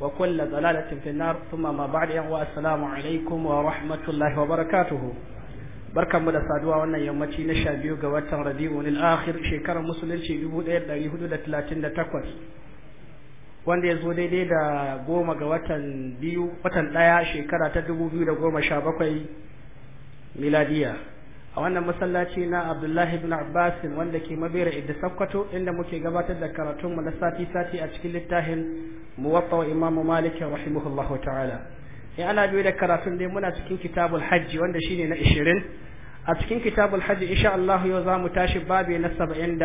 وكل ضلالة في النار ثم ما بعد السلام عليكم ورحمة الله وبركاته barkan mu da saduwa wannan yammaci na sha biyu ga watan rabi'un al-akhir shekarar musulunci dubu da da hudu talatin takwas. wanda ya zo daidai da goma ga watan biyu watan ɗaya shekara ta dubu biyu da goma sha bakwai. miladiya a wannan masallaci na abdullahi ibn abbas wanda ke mabera idda sakkwato inda muke gabatar da karatun mu na sati sati a cikin littafin muwatta imam malik rahimahullahu ta'ala in ana biyo da karatun dai muna cikin kitabul hajji wanda shine na 20 a cikin kitabul hajji insha Allah yau zamu tashi babi na 77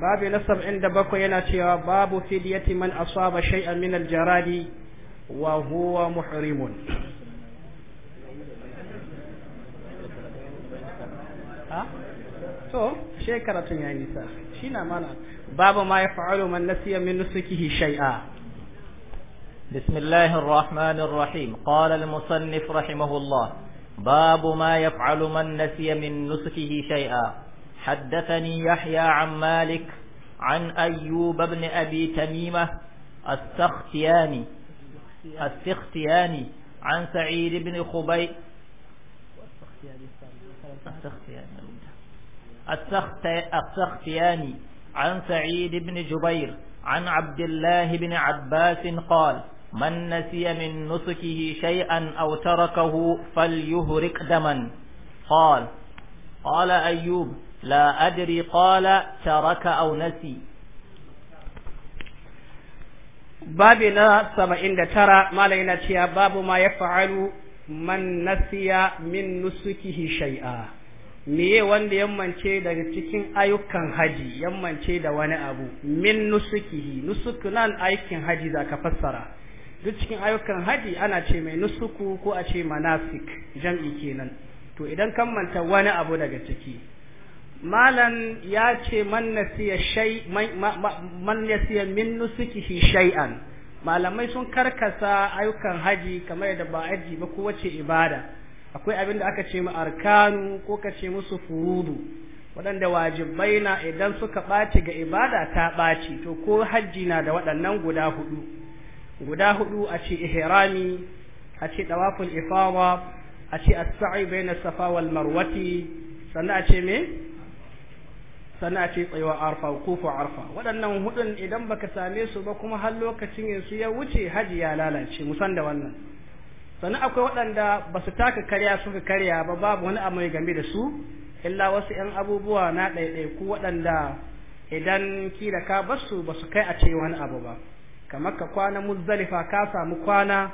babi na 77 yana cewa babu fidyati man asaba shay'an min al-jaradi wa huwa muhrimun to babu ma ya fa'alu man nasiya min nusukihi shay'a بسم الله الرحمن الرحيم قال المصنف رحمه الله باب ما يفعل من نسي من نسكه شيئا حدثني يحيى عن مالك عن أيوب بن أبي تميمة السختياني السختياني عن سعيد بن خبي السختياني عن سعيد بن جبير عن عبد الله بن عباس قال من نسي من نسكه شيئا أو تركه فليهرق دما قال قال أيوب لا أدري قال ترك أو نسي بابنا إن ترى ما لينا تيا باب ما يفعل من نسي من نسكه شيئا meye wanda yammance daga cikin ayyukan haji yammance da wani abu min nusukihi nusuk nan aikin haji za ka fassara duk cikin ayyukan haji ana ce mai nusuku ko a ce manasik jam'i kenan to idan kammanta wani abu daga ciki malam ya ce man nasiya min nusukihi malamai sun karkasa ayyukan haji kamar da ba aji ba ko wace ibada akwai abin da aka ce mu arkanu ko ka ce musu furudu waɗanda wajibai na idan suka ɓaci ga ibada ta ɓaci to ko hajji na da waɗannan guda hudu guda hudu a ce ihrami a ce dawaful ifada a ce as-sa'i bayna safa wal marwati sannan a ce me sannan a ce tsayuwa arfa kufu arfa waɗannan hudun idan baka same su ba kuma har lokacin yanzu ya wuce haji ya lalace musan da wannan sannan akwai waɗanda ba su taka karya suka karya ba babu wani abu mai game da su illa wasu 'yan abubuwa na ɗaiɗaiku waɗanda idan kira ka basu ba su kai a ce wani abu ba kamar ka kwana muzdalifa ka samu kwana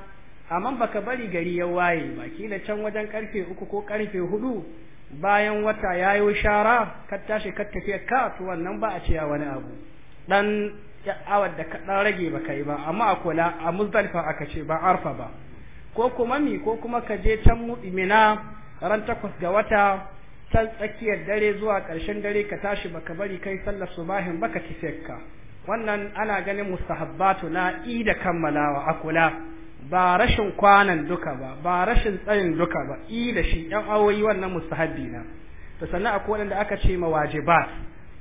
amma baka bari gari ya waye ba kila can wajen karfe uku ko karfe hudu bayan wata yayo shara ka tashi ka tafi ka to wannan ba a ce ya wani abu dan awar da ka dan rage ba kai ba amma a kula a muzdalifa aka ce ba arfa ba ko kuma mi ko kuma ka je can mu'mina ran takwas ga wata can tsakiyar dare zuwa ƙarshen dare ka tashi baka bari kai sallar subahin baka tafi ka wannan ana ganin mustahabbatu na da kammalawa a kula ba rashin kwanan duka ba ba rashin tsayin duka ba i da shi yan awoyi wannan mustahabbi na to sannan akwai da aka ce ma wajibat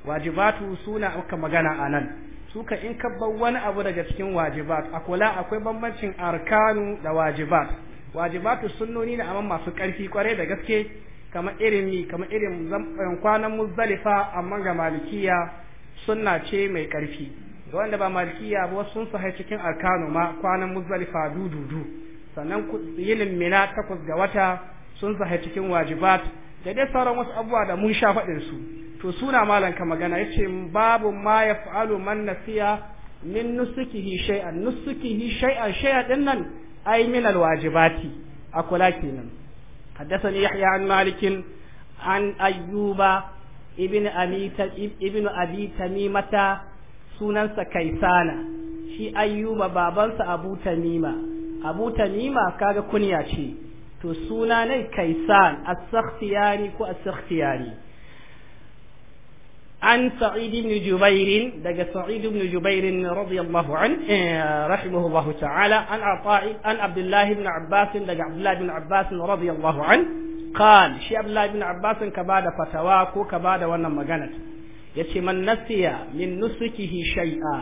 wajibatu suna aka magana a anan suka in ka bar wani abu daga cikin wajibat a kula akwai bambancin arkanu da wajibat wajibatu sunnoni ne amma masu ƙarfi kwarai da gaske kamar irin ni kamar irin eh, kwanan muzdalifa amma ga malikiya sunna ce mai ƙarfi wanda ba malikiya ba wasu sun sahai cikin arkanu ma kwanan muzdalifa dududu sannan yinin mina takwas ga wata sun sahai cikin wajibat da dai sauran wasu abubuwa da mun sha faɗin su to suna malan ka magana ya yace babu ma ya fa'alu man nasiya min nusukihi shay'an nusukihi shay'an shay'an din nan ai min alwajibati kula kenan حدثني yahya an malikin an ayyuba ibn amita ibn abi tamimata sunansa kaisana shi ayyuba babansa abu tamima abu tamima kaga kunya ce to suna ne kaisan as-sakhtiyani ko as-sakhtiyani an sa'id ibn jubair daga sa'id ibn jubair radiyallahu an eh, rahimahullahu ta'ala an ata'i an abdullah ibn abbas daga abdullah ibn abbas radiyallahu an qal shi abdullahi bin abbas ka bada fatawa ko ka da wannan magana yace man nasiya min nusukihi shay'a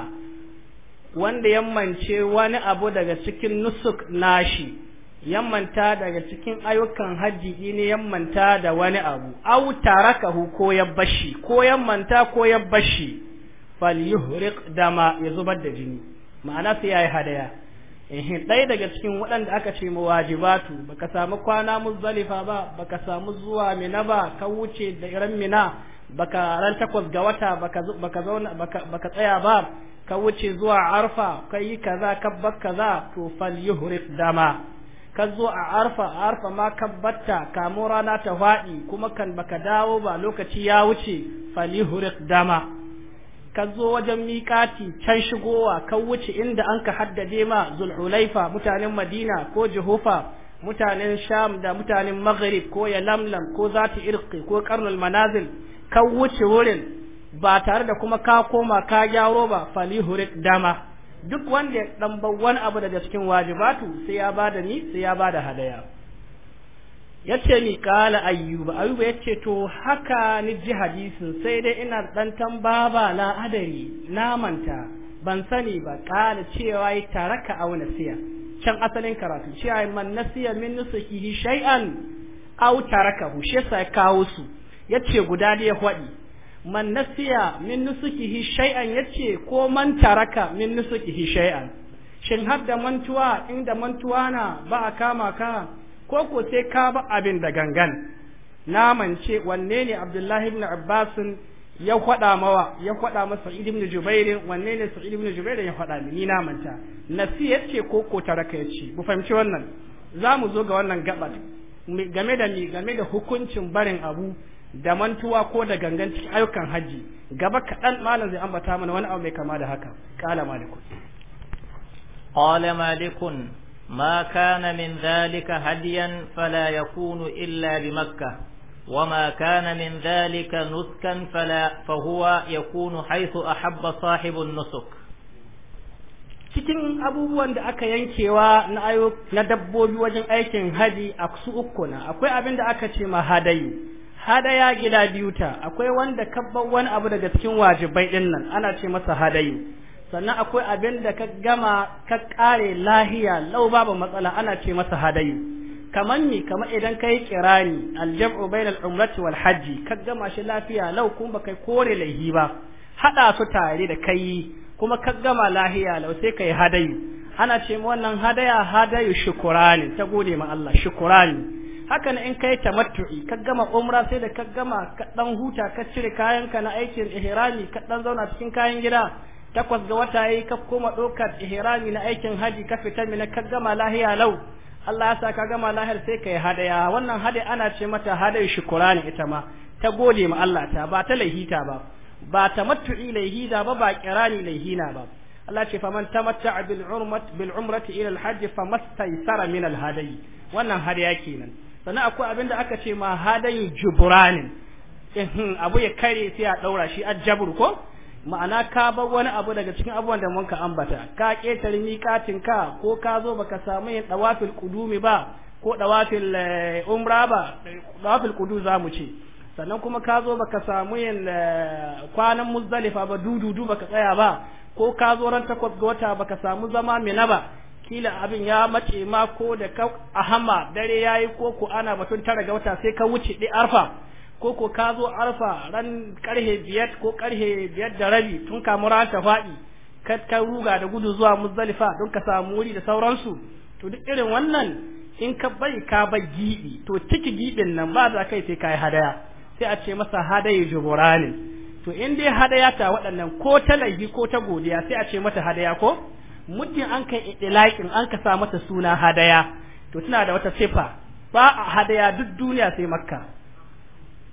wanda yammance wani abu daga cikin nusuk nashi yammanta daga cikin ayyukan hajji ne yammanta da wani abu aw tarakahu ko yabbashi ko yammanta ko yabbashi falyuhriq dama ya zubar da jini ma'ana sai yayi hadaya eh ɗaya daga cikin waɗanda aka ce mu wajibatu baka samu kwana muzalifa ba baka samu zuwa mina ba ka wuce da iran mina baka ran takwas ga wata baka baka zauna baka tsaya ba ka wuce zuwa arfa kai kaza kabbar kaza to fal yuhrif dama ka zo a arfa arfa ma batta kamo rana ta faɗi kuma kan baka dawo ba lokaci ya wuce fal yuhrif dama ka zo wajen miƙati can shigowa ka wuce inda an ka haddade ma zulhulaifa mutanen madina ko jehofa mutanen sham da mutanen maghrib ko ya lamlam ko zati irki ko karnul manazil ka wuce wurin ba tare da kuma ka koma ka gyaro ba fali hurik dama duk wanda ya bar wani abu daga cikin wajibatu sai ya bada ni sai ya bada hadaya yace ni kala ayyuba ayyuba yace to haka ni ji hadisin sai dai ina dan baba la adari na manta ban sani ba kala cewa yi taraka aw nasiya can asalin karatu cewa man nasiya min nusukihi shay'an aw tarakahu shi yasa kawo su yace guda ne ya faɗi man nasiya min nusukihi shay'an yace ko man taraka min nusukihi shay'an shin har da mantuwa inda mantuwa na ba a kama ka ko ko sai ka ba abin da gangan na mance wanne ne Abdullahi ibn Abbas ya faɗa mawa ya faɗa masa Sa'id ibn Jubair wanne ne Sa'id ibn Jubair ya faɗa ni ni na manta nasiya ce ko ko taraka ya ce mu fahimci wannan za mu zo ga wannan gabar game da ni game da hukuncin barin abu da mantuwa ko da gangan cikin ayyukan haji gaba kaɗan malam zai ambata mana wani abu mai kama da haka kala malikun qala malikun ما كان من ذلك هديا فلا يكون إلا بمكة وما كان من ذلك نسكا فلا فهو يكون حيث أحب صاحب النسك cikin abubuwan da aka yankewa na ayo na dabbobi wajen aikin hadi a su uku na akwai abin da aka ce ma hadayi hadaya gida biyu ta akwai wanda kabban wani abu daga cikin wajibai din ana ce masa hadayi sannan akwai abin da ka gama ka kare lahiya lau babu matsala ana ce masa hadayu kaman ni kamar idan kai kirani aljam'u bainal umrati wal hajji ka gama shi lafiya lau kuma kai kore laihi ba hada su tare da kai kuma ka gama lahiya lau sai kai hadayu ana ce wannan hadaya hadayu shukurani ta gode ma Allah shukurani hakan in kai tamattu'i ka gama umra sai da ka gama ka dan huta ka cire kayanka na aikin ihrami ka dan zauna cikin kayan gida takwas ga wata yayi ka koma ɗaukar ihrami na aikin haji ka fita mina ka gama lahiya lau Allah ya sa ka gama lahiyar sai ka yi hadaya wannan hadaya ana ce mata shukura shukurani ita ma ta gode ma Allah ta ba ta laihita ba ba tamattu'i da ba ba kirani laihina ba Allah ce faman tamatta'a bil umrat bil umrati ila al hajj famastaysara min al wannan hadaya kenan sannan akwai abin da aka ce ma hadayi jibranin. abu ya kare sai a daura shi ajabur ko ma'ana ka bar wani abu daga cikin abubuwan da mun ka ambata ka ƙetare miƙatin ka ko ka zo baka samu yin dawafil qudumi ba ko dawafil eh, umra ba dawafil qudu za mu ce sannan kuma ka zo baka samu yin eh, kwanan muzdalifa ba dududu baka tsaya ba ko ka zo ran takwas ga wata baka samu zama mina ba kila abin ya mace ma ko da ka ahama dare yayi ko ko ana batun tara ga wata sai ka wuce di arfa ko ko ka zo arfa ran karhe biyar ko karhe biyar da rabi tun kamar ran ta faɗi ka ruga da gudu zuwa muzdalifa don ka samu wuri da sauransu to duk irin wannan in ka bai ka bai gibi to ciki gibin nan ba za kai sai kai hadaya sai a ce masa hadaya juburani to in dai hadaya ta waɗannan ko ta laifi ko ta godiya sai a ce mata hadaya ko muddin an kai idilakin an ka sa mata suna hadaya to tana da wata sifa ba a hadaya duk duniya sai makka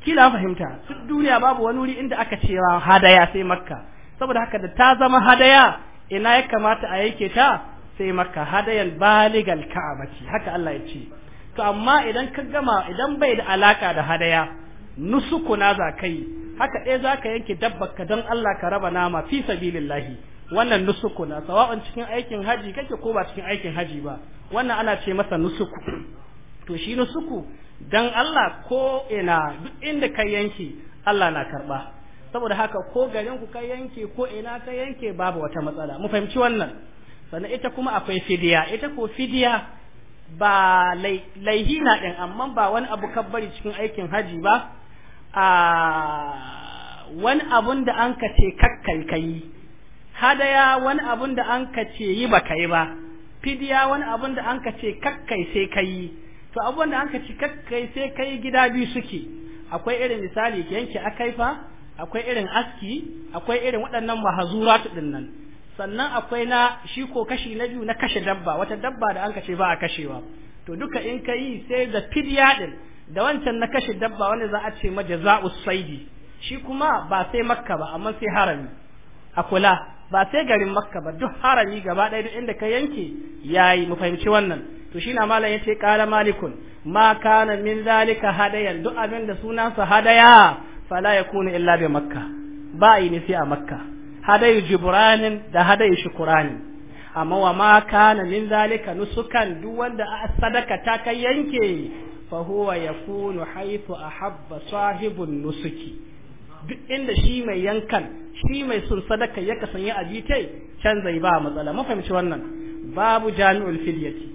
kila fahimta duk duniya babu wani wuri inda aka cewa hadaya sai makka saboda haka da ta zama hadaya ina ya kamata a yake ta sai makka hadayan baligal ka'abati haka Allah ya ce to amma idan ka gama idan bai da alaka da hadaya nusuku na za kai haka ɗaya za ka yanke ka don Allah ka raba nama fi sabilillahi wannan nusuku na sawa'un cikin aikin haji kake ko ba cikin aikin haji ba wannan ana ce masa nusuku to shi nusuku dan Allah ko ina duk inda ka yanke Allah na karba saboda haka ko garin ku ka yanke ko ina ka yanke babu wata matsala mu fahimci wannan sannan ita kuma akwai fidiya ita ko fidiya ba laihi na ɗin, amma ba wani abu kabbari cikin aikin haji ba a wani abun da an ka ce kakkai kai hadaya wani abun da an ka ce yi ba kai ba fidiya wani abun da an ka ce kakkai sai kai to abubuwan da anka ci kakkai sai kai gida biyu suke akwai irin misali yanke akaifa akwai irin aski akwai irin waɗannan mahazura din nan sannan akwai na shi ko kashi na biyu na kashe dabba wata dabba da anka ce ba a kashewa to duka in ka yi sai da fidya din da wancan na kashe dabba wanda za a ce majaza'u saidi shi kuma ba sai makka ba amma sai harami a kula ba sai garin makka ba duk harami gaba ɗaya duk inda ka yanke yayi mu fahimci wannan to shi na malam ce qala malikun ma kana min zalika hadaya duk abin da sunansa hadaya fala yakunu illa bi makka ba yi ne a makka hadayu jibranin da hadayu shukurani amma wa ma kana min zalika nusukan duk wanda sadaka ta kai yanke fa huwa yakunu haythu ahabba sahibun nusuki duk inda shi mai yankan shi mai sun sadaka ya kasance a jitai can zai ba matsala mafahimci wannan babu jami'ul filiyati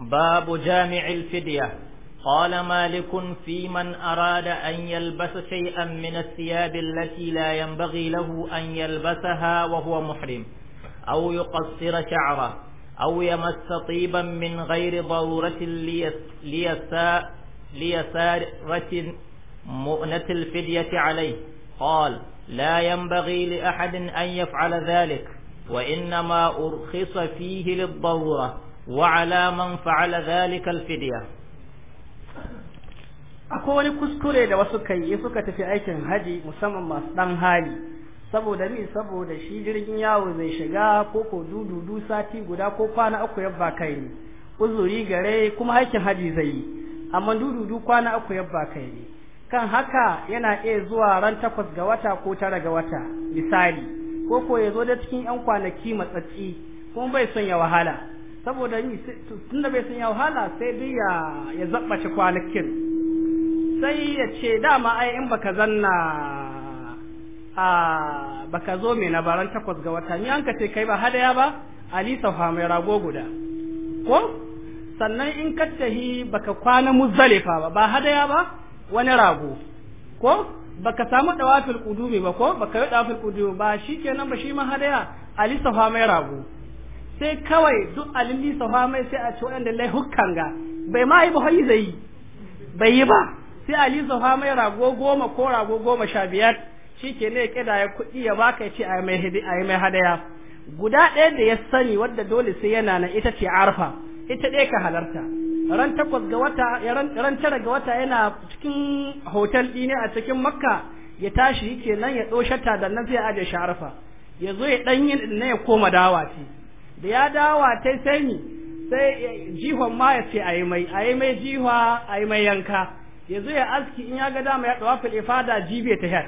باب جامع الفدية قال مالك في من أراد أن يلبس شيئا من الثياب التي لا ينبغي له أن يلبسها وهو محرم أو يقصر شعره أو يمس طيبا من غير ضرورة ليسارة مؤنة الفدية عليه قال لا ينبغي لأحد أن يفعل ذلك وإنما أرخص فيه للضرورة wa وعلى من فعل ذلك الفدية akwai wani kuskure da wasu kai suka tafi aikin haji musamman masu dan hali saboda mi saboda shi jirgin yawo zai shiga ko ko dudu du sati guda ko kwana uku yabba kai ne uzuri gare kuma aikin haji zai yi amma dudu du kwana uku yabba kai ne kan haka yana iya zuwa ran takwas ga wata ko tara ga wata misali ko ko ya zo da cikin yan kwanaki matsatsi kuma bai son ya wahala saboda yi tunda bai san ya wahala sai dai ya ya zabbace kwanakin sai ya ce dama ai in baka zanna a baka zo mai na baran takwas ga wata ni an ka ce kai ba hadaya ba ali safa mai rago guda ko sannan in ka tahi baka kwana muzalifa ba ba hadaya ba wani rago ko baka samu dawafil qudumi ba ko baka yi dawafil qudumi ba shikenan ba shi ma hadaya ali safa mai rago sai kawai duk alili safa mai sai a ce waɗanda lai hukkan ga bai ma yi ba hoyi zai bai yi ba sai ali safa mai rago goma ko rago goma sha biyar ke ne ya ya kuɗi ya baka ya ce a yi mai hadaya guda ɗaya da ya sani wadda dole sai yana na ita ce arfa ita ɗaya ka halarta ran takwas ga wata ran tara ga wata yana cikin hotel ɗine a cikin makka ya tashi yake nan ya ɗo shata da nan sai a aje shi arfa ya zo ya ɗanyi na ya koma dawa ce da ya dawa ta sai ni sai jihon ma ya ce ayi mai ayi mai jiwa ayi mai yanka yanzu ya aski in ya ga dama ya dawa fil ifada jibe ta ya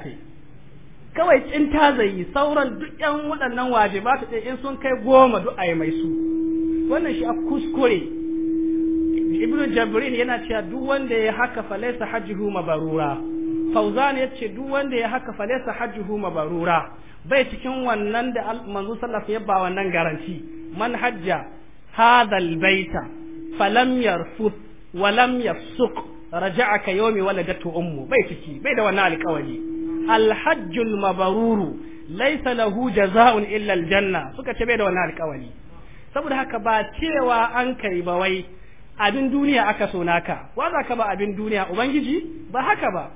kawai in ta zayi sauran duk yan waɗannan ta ɗin in sun kai goma duk ayi mai su wannan shi a kuskure ibnu jabrin yana cewa duk wanda ya haka falaisa hajjuhu mabarura fauzan ya ce duk wanda ya haka falaisa hajjuhu mabarura bai cikin wannan da manzo sallallahu ya ba wannan garanti man hajja hadha albayta falam yarfut wa lam yafsuq raja'a ka yawmi waladatu ummu bai ciki bai da wannan alƙawari alhajjul mabaruru laysa lahu jazaa'un illa aljanna suka ce bai da wannan alƙawari saboda haka ba cewa an kai ba wai abin duniya aka so naka wa za ka ba abin duniya ubangiji ba haka ba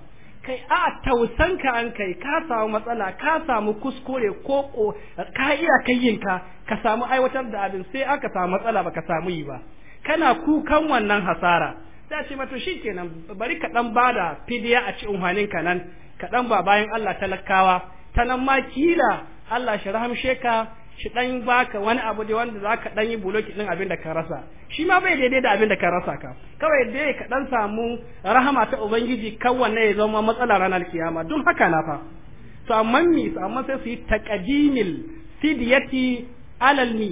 kai a tausanka an kai ka samu matsala ka samu kuskure ko ko ka iya kai yin ka ka samu aiwatar da abin sai aka samu matsala baka samu yi ba kana kukan wannan hasara a ce shi shikenan bari ka dan bada fidiya a cikin hanin ka nan ka dan ba bayan Allah talakawa ta nan ma kila Allah shi rahamshe ka shi dan baka wani abu da wanda zaka dan yi buloki din abin da ka rasa shi ma bai daidai da abin da ka rasa ka kawai dai ka dan samu rahama ta ubangiji ne ya zama matsala ranar kiyama duk haka na fa to amma mi amma sai su yi taqdimil fidyati alal mi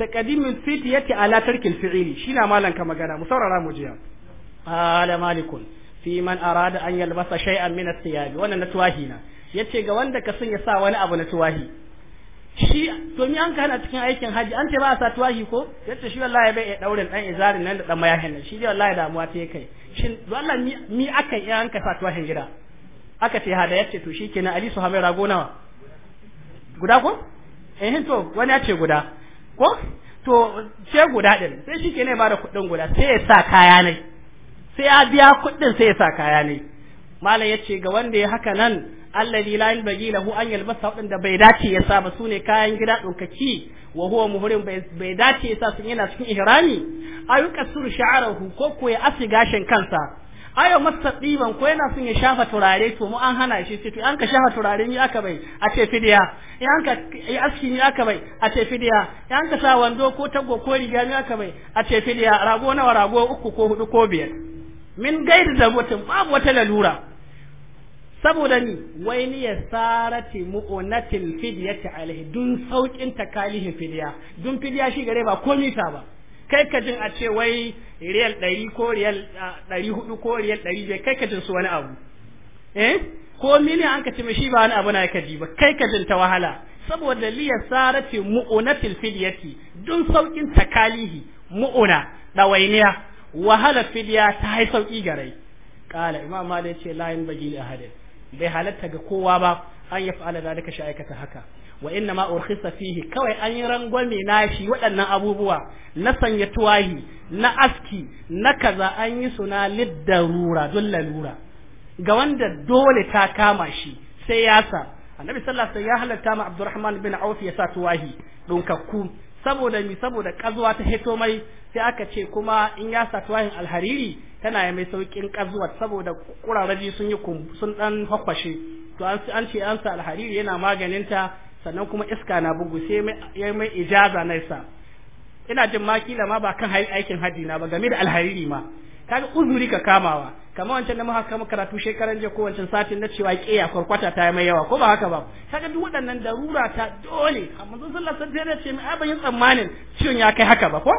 taqdimil fidyati ala tarkil fi'ili shi na malan ka magana mu saurara mu jiya ala malikun fi man arada an yalbasa shay'an min ath-thiyab wannan na tuwahina yace ga wanda ka sun ya sa wani abu na tuwahi shi to mi an ka cikin aikin haji an ce ba a sa tuwahi ko yace shi wallahi bai iya daurin dan izarin nan da dan mayahin nan shi dai wallahi damuwa ta kai shin wallahi mi mi aka yi an ka sa tuwahin gida aka ce hada yace to shikenan ali su habai rago nawa guda ko eh to wani ya ce guda ko to ce guda din sai shikenan ya bada kuɗin guda sai ya sa kaya ne sai ya biya kuɗin sai ya sa kaya ne malam yace ga wanda ya haka nan allazi la yanbaghi lahu an yalbasa wadanda bai dace ya saba sune kayan gida dokaci wa huwa muhrim bai dace ya sa sun yana cikin ihrami ayu kasuru sha'arahu ko ko ya asi gashin kansa ayo masadiban ko yana sun ya shafa turare to mu an hana shi to an ka shafa turare ni aka bai a ce fidiya in an ka yi aski ni aka bai a ce fidiya in an ka sa wando ko taggo ko riga ni aka bai a ce fidiya rago nawa rago uku ko hudu ko biyar min gairi da mutum babu wata lalura saboda ni wai ni ya sarati mu'onatil fidyati alaihi dun saukin takalihin fidiya dun fidiya shi gare ba komi ta ba kai ka jin a ce wai riyal 100 ko riyal 400 ko riyal 500 kai ka jin su wani abu eh ko mini an ka ce shi ba wani abu na ka ji ba kai ka jin ta wahala saboda li ya sarati mu'onatil fidyati dun saukin takalihi mu'ona dawainiya wahala fidiya ta hai sauki gare kala imam malik ce la yin bagil ahadith bai halatta ga kowa ba an ya fa'ala zalika shi aikata haka wa inna ma urkhisa fihi kawai an yi rangwame na shi waɗannan abubuwa na sanya tuwahi na aski na kaza an yi suna liddarura don lalura ga wanda dole ta kama shi sai ya sa annabi sallallahu alaihi wasallam ya halatta ma abdurrahman bin auf ya sa tuwahi dunkakku saboda mi saboda kazuwa ta heto mai sai aka ce kuma in ya sa tuwahin alhariri tana ya mai saukin kazuwa saboda kurarraji sun yi sun dan hakwashe to an an ce an sa alhariri yana maganin ta sannan kuma iska na bugu sai mai ya mai ijaza na isa ina jin makila ma ba kan aikin haji na ba game da alhariri ma kaga uzuri ka kamawa kamar wancan da muka kama karatu shekaran jiya ko wancan satin na cewa kiya kwarkwata ta yi mai yawa ko ba haka ba kaga duk waɗannan darura ta dole amma sun sallar sun tare ce mai abayin tsammanin ciwon ya kai haka ba ko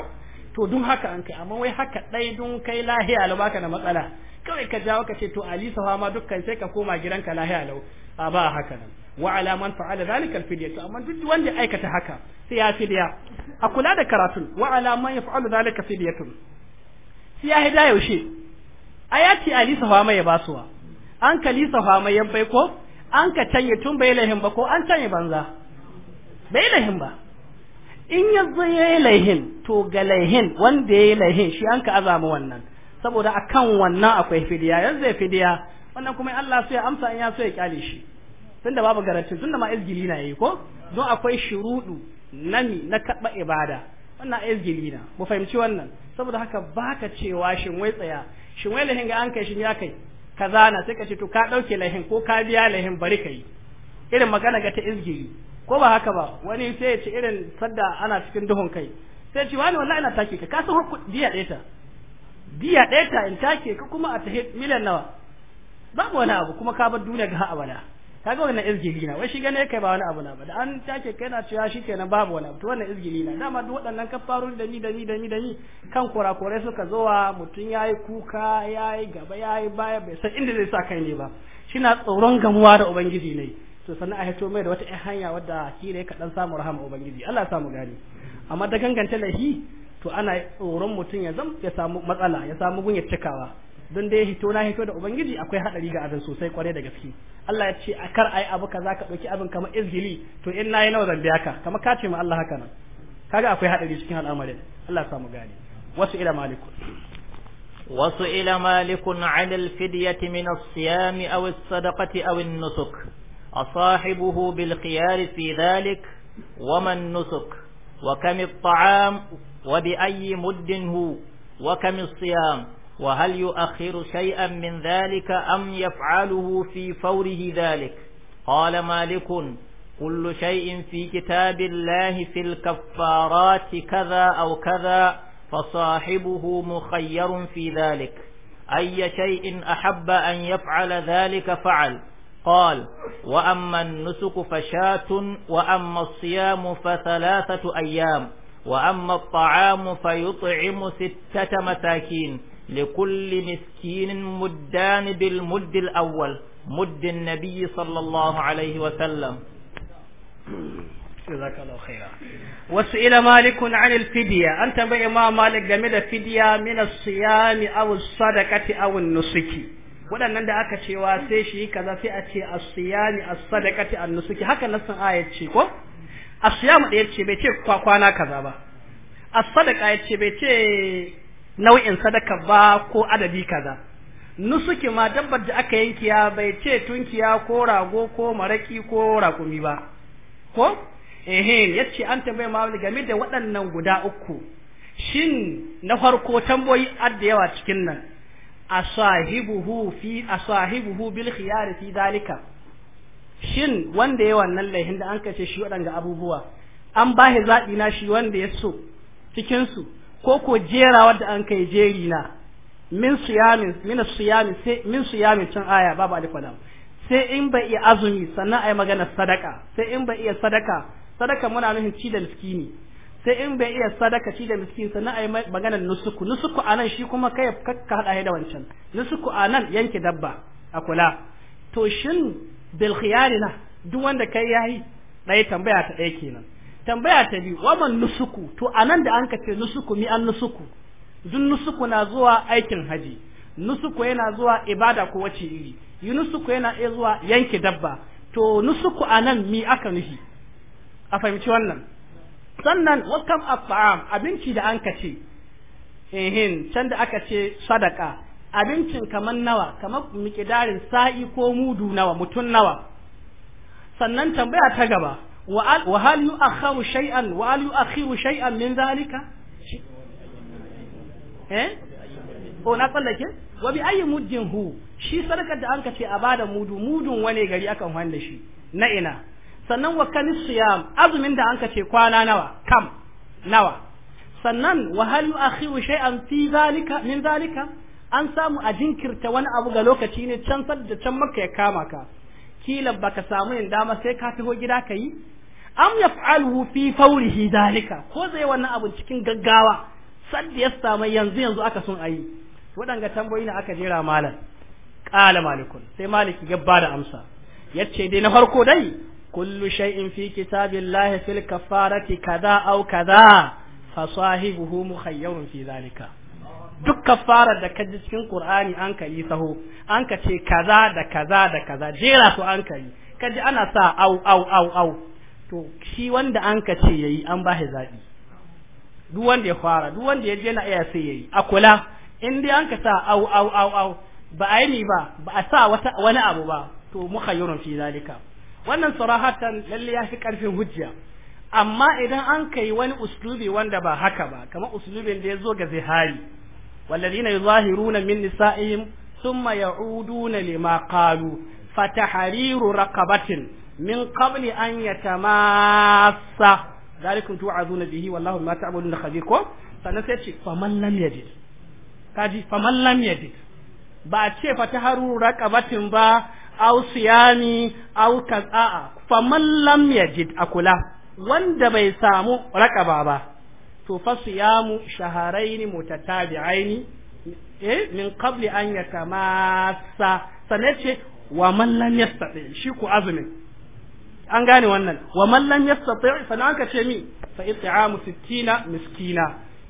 to dun haka an kai amma wai haka ɗai dun kai lahiya lau baka da matsala kawai ka jawo ka ce to ali sawa ma dukkan sai ka koma gidanka lahiya lau a ba haka nan wa ala man fa'ala zalika alfidya to amma duk wanda aikata haka sai ya fidya a kula da karatun wa ala man yaf'alu zalika fidyatun ya hida yaushe a ya ce ali mai ya basuwa an ka lisa ya bai ko an ka canye tun bai lahin ba ko an canye banza bai lahin ba in ya zo ya yi laihin to ga laihin wanda ya yi laihin shi an ka azama wannan saboda a kan wannan akwai fidiya yanzu zai fidiya wannan kuma Allah su ya amsa in ya so ya kyale shi tunda babu garanti tunda ma izgili na yi ko don akwai shiruɗu, nami na karba ibada wannan izgili na mu fahimci wannan saboda haka baka cewa shin wai tsaya shin wai lahin ga an kai shin ya kai kaza na sai ka ce to ka ɗauke lahin ko ka biya lahin bari kai irin magana ga ta izgili ko ba haka ba wani sai ya ce irin sadda ana cikin duhun kai sai ce wani wallahi ina take ka ka san diya ɗaya ta diya ɗaya ta in take ka kuma a tahid miliyan nawa babu wani abu kuma ka bar duniya ga abada kaga wannan izgili na wai shi gane kai ba wani abu na ba da an take kai na cewa shi kenan babu wani abu to wannan izgili na dama duk waɗannan kafaru da ni da ni da ni da ni kan kurakurai suka zowa mutum yayi kuka yayi gaba yayi baya bai san inda zai sa kai ne ba shi na tsoron gamuwa da ubangiji ne to sannan a hito mai da wata hanya wadda kila ya kaɗan samu rahama ubangiji Allah samu gani amma da ganganta lahi to ana tsoron mutum ya zama ya samu matsala ya samu gunyattakawa. cikawa don da ya hito na hito da ubangiji akwai hadari ga abin sosai kware da gaske Allah ya ce a kar ayi abu kaza ka dauki abin kamar izgili to in nayi nawa zan biya ka kamar ka ce ma Allah haka nan kaga akwai hadari cikin al'amarin Allah samu gane wasu ila maliku wasu ila malikun an alfidyati min as-siyam aw as-sadaqati aw an-nusuk asahibuhu bil khiyar fi dhalik wa man nusuk wa kam at-ta'am wa bi ayyi muddin hu wa kam as-siyam وهل يؤخر شيئا من ذلك أم يفعله في فوره ذلك قال مالك كل شيء في كتاب الله في الكفارات كذا أو كذا فصاحبه مخير في ذلك أي شيء أحب أن يفعل ذلك فعل قال وأما النسك فشاة وأما الصيام فثلاثة أيام وأما الطعام فيطعم ستة مساكين لكل مسكين مدان بالمد الأول مد النبي صلى الله عليه وسلم جزاك الله خيرا وسئل مالك عن الفدية أنت بإمام مالك جميل فدية من الصيام أو الصدقة أو النسك waɗannan da aka cewa sai shi kaza sai a ce ni a sadaqati an-nusuki haka nasan ayat ce ko mu da ce bai ce kwana kaza ba sadaka sadaqa ce bai ce nau'in sadaka ba ko adadi kaza nusuki ma dabbar da aka ya bai ce tunkiya ko rago ko maraki ko rakumi ba ko ehe yace an tambaye ma game da waɗannan guda uku shin na farko tamboyi adda yawa cikin nan asahibuhu fi asahibuhu bil khiyar fi dalika shin wanda ya wannan laihin da an kace shi waɗanga abubuwa an shi zaɓi na shi wanda ya so cikin su ko ko jera wadda an kai jeri na min siyamin min siyamin sai min siyamin can aya babu alif lam sai in ba iya azumi sannan ai magana sadaka sai in ba iya sadaka sadaka muna nufin ci da miskini sai in bai iya sadaka ci da miskini sannan ai magana nusuku nusuku anan shi kuma kai ka hada da wancan nusuku anan yanke dabba a kula to shin bil khiyarina duk wanda kai yayi dai tambaya ta dai kenan tambaya ta biyu waman nusuku to anan da an ce nusuku mi an nusuku dun nusuku na zuwa aikin haji nusuku yana zuwa ibada ko wace iri nusuku yana iya zuwa yanke dabba to nusuku anan mi aka nufi a fahimci wannan sannan wakam at'am abinci da an kace ehin can da aka ce sadaka abincin kaman nawa kamar mikidarin sa'i ko mudu nawa mutum nawa sannan tambaya ta gaba wa hal yu'akhkharu shay'an wa hal yu'akhkhiru shay'an min zalika eh ko na tsallake wa bi ayi muddin hu shi sadakar da anka ce a bada mudu mudun wani gari akan wanda shi na ina sannan wa kanis siyam azumin da anka ce kwana nawa kam nawa sannan wa hal yu'akhiru shay'an fi zalika min zalika an samu a jinkirta wani abu ga lokaci ne can da can maka ya kama ka kila baka samu yin dama sai ka taho gida ka yi am yaf'aluhu fi fawrihi dalika ko zai wannan abun cikin gaggawa sanda ya samu yanzu yanzu aka sun ayi waɗanga tambayoyi na aka jera malam qala malikun sai maliki ya bada amsa yace dai na farko dai kullu shay'in fi kitabillahi fil kafarati kaza aw kaza fa sahibuhu mukhayyarun fi zalika duk kafarar da kaji cikin qur'ani an kai saho an ka ce kaza da kaza da kaza jera su an kai kaji ana sa au au au au to shi wanda an ka ce yayi an ba shi zaɓi duk wanda ya fara duk wanda ya je na iya sai yayi a kula in dai an ka sa au au au au ba a yi ba ba a sa wata wani abu ba to mukhayyirun fi zalika wannan sarahatan lalle ya fi karfin hujja amma idan an kai wani uslubi wanda ba haka ba kamar uslubin da ya zo ga zihari والذين يظاهرون من نسائهم ثم يعودون لما قالوا فتحرير رقبة min qabli an yatamassa zalikum tu'azuna bihi wallahu ma ta'maluna khabir ko sannan sai ce faman lam yajid kaji faman lam yajid ba ce fa fataharu raqabatin ba aw siyami aw kaza'a faman lam yajid akula wanda bai samu raqaba ba to fa siyamu shaharaini mutatabi'aini eh min qabli an yatamassa sanace wa man lam yastati shi ku azumin an gane wannan wa man lam yastati fa nan ka ce mi fa it'amu sittina miskina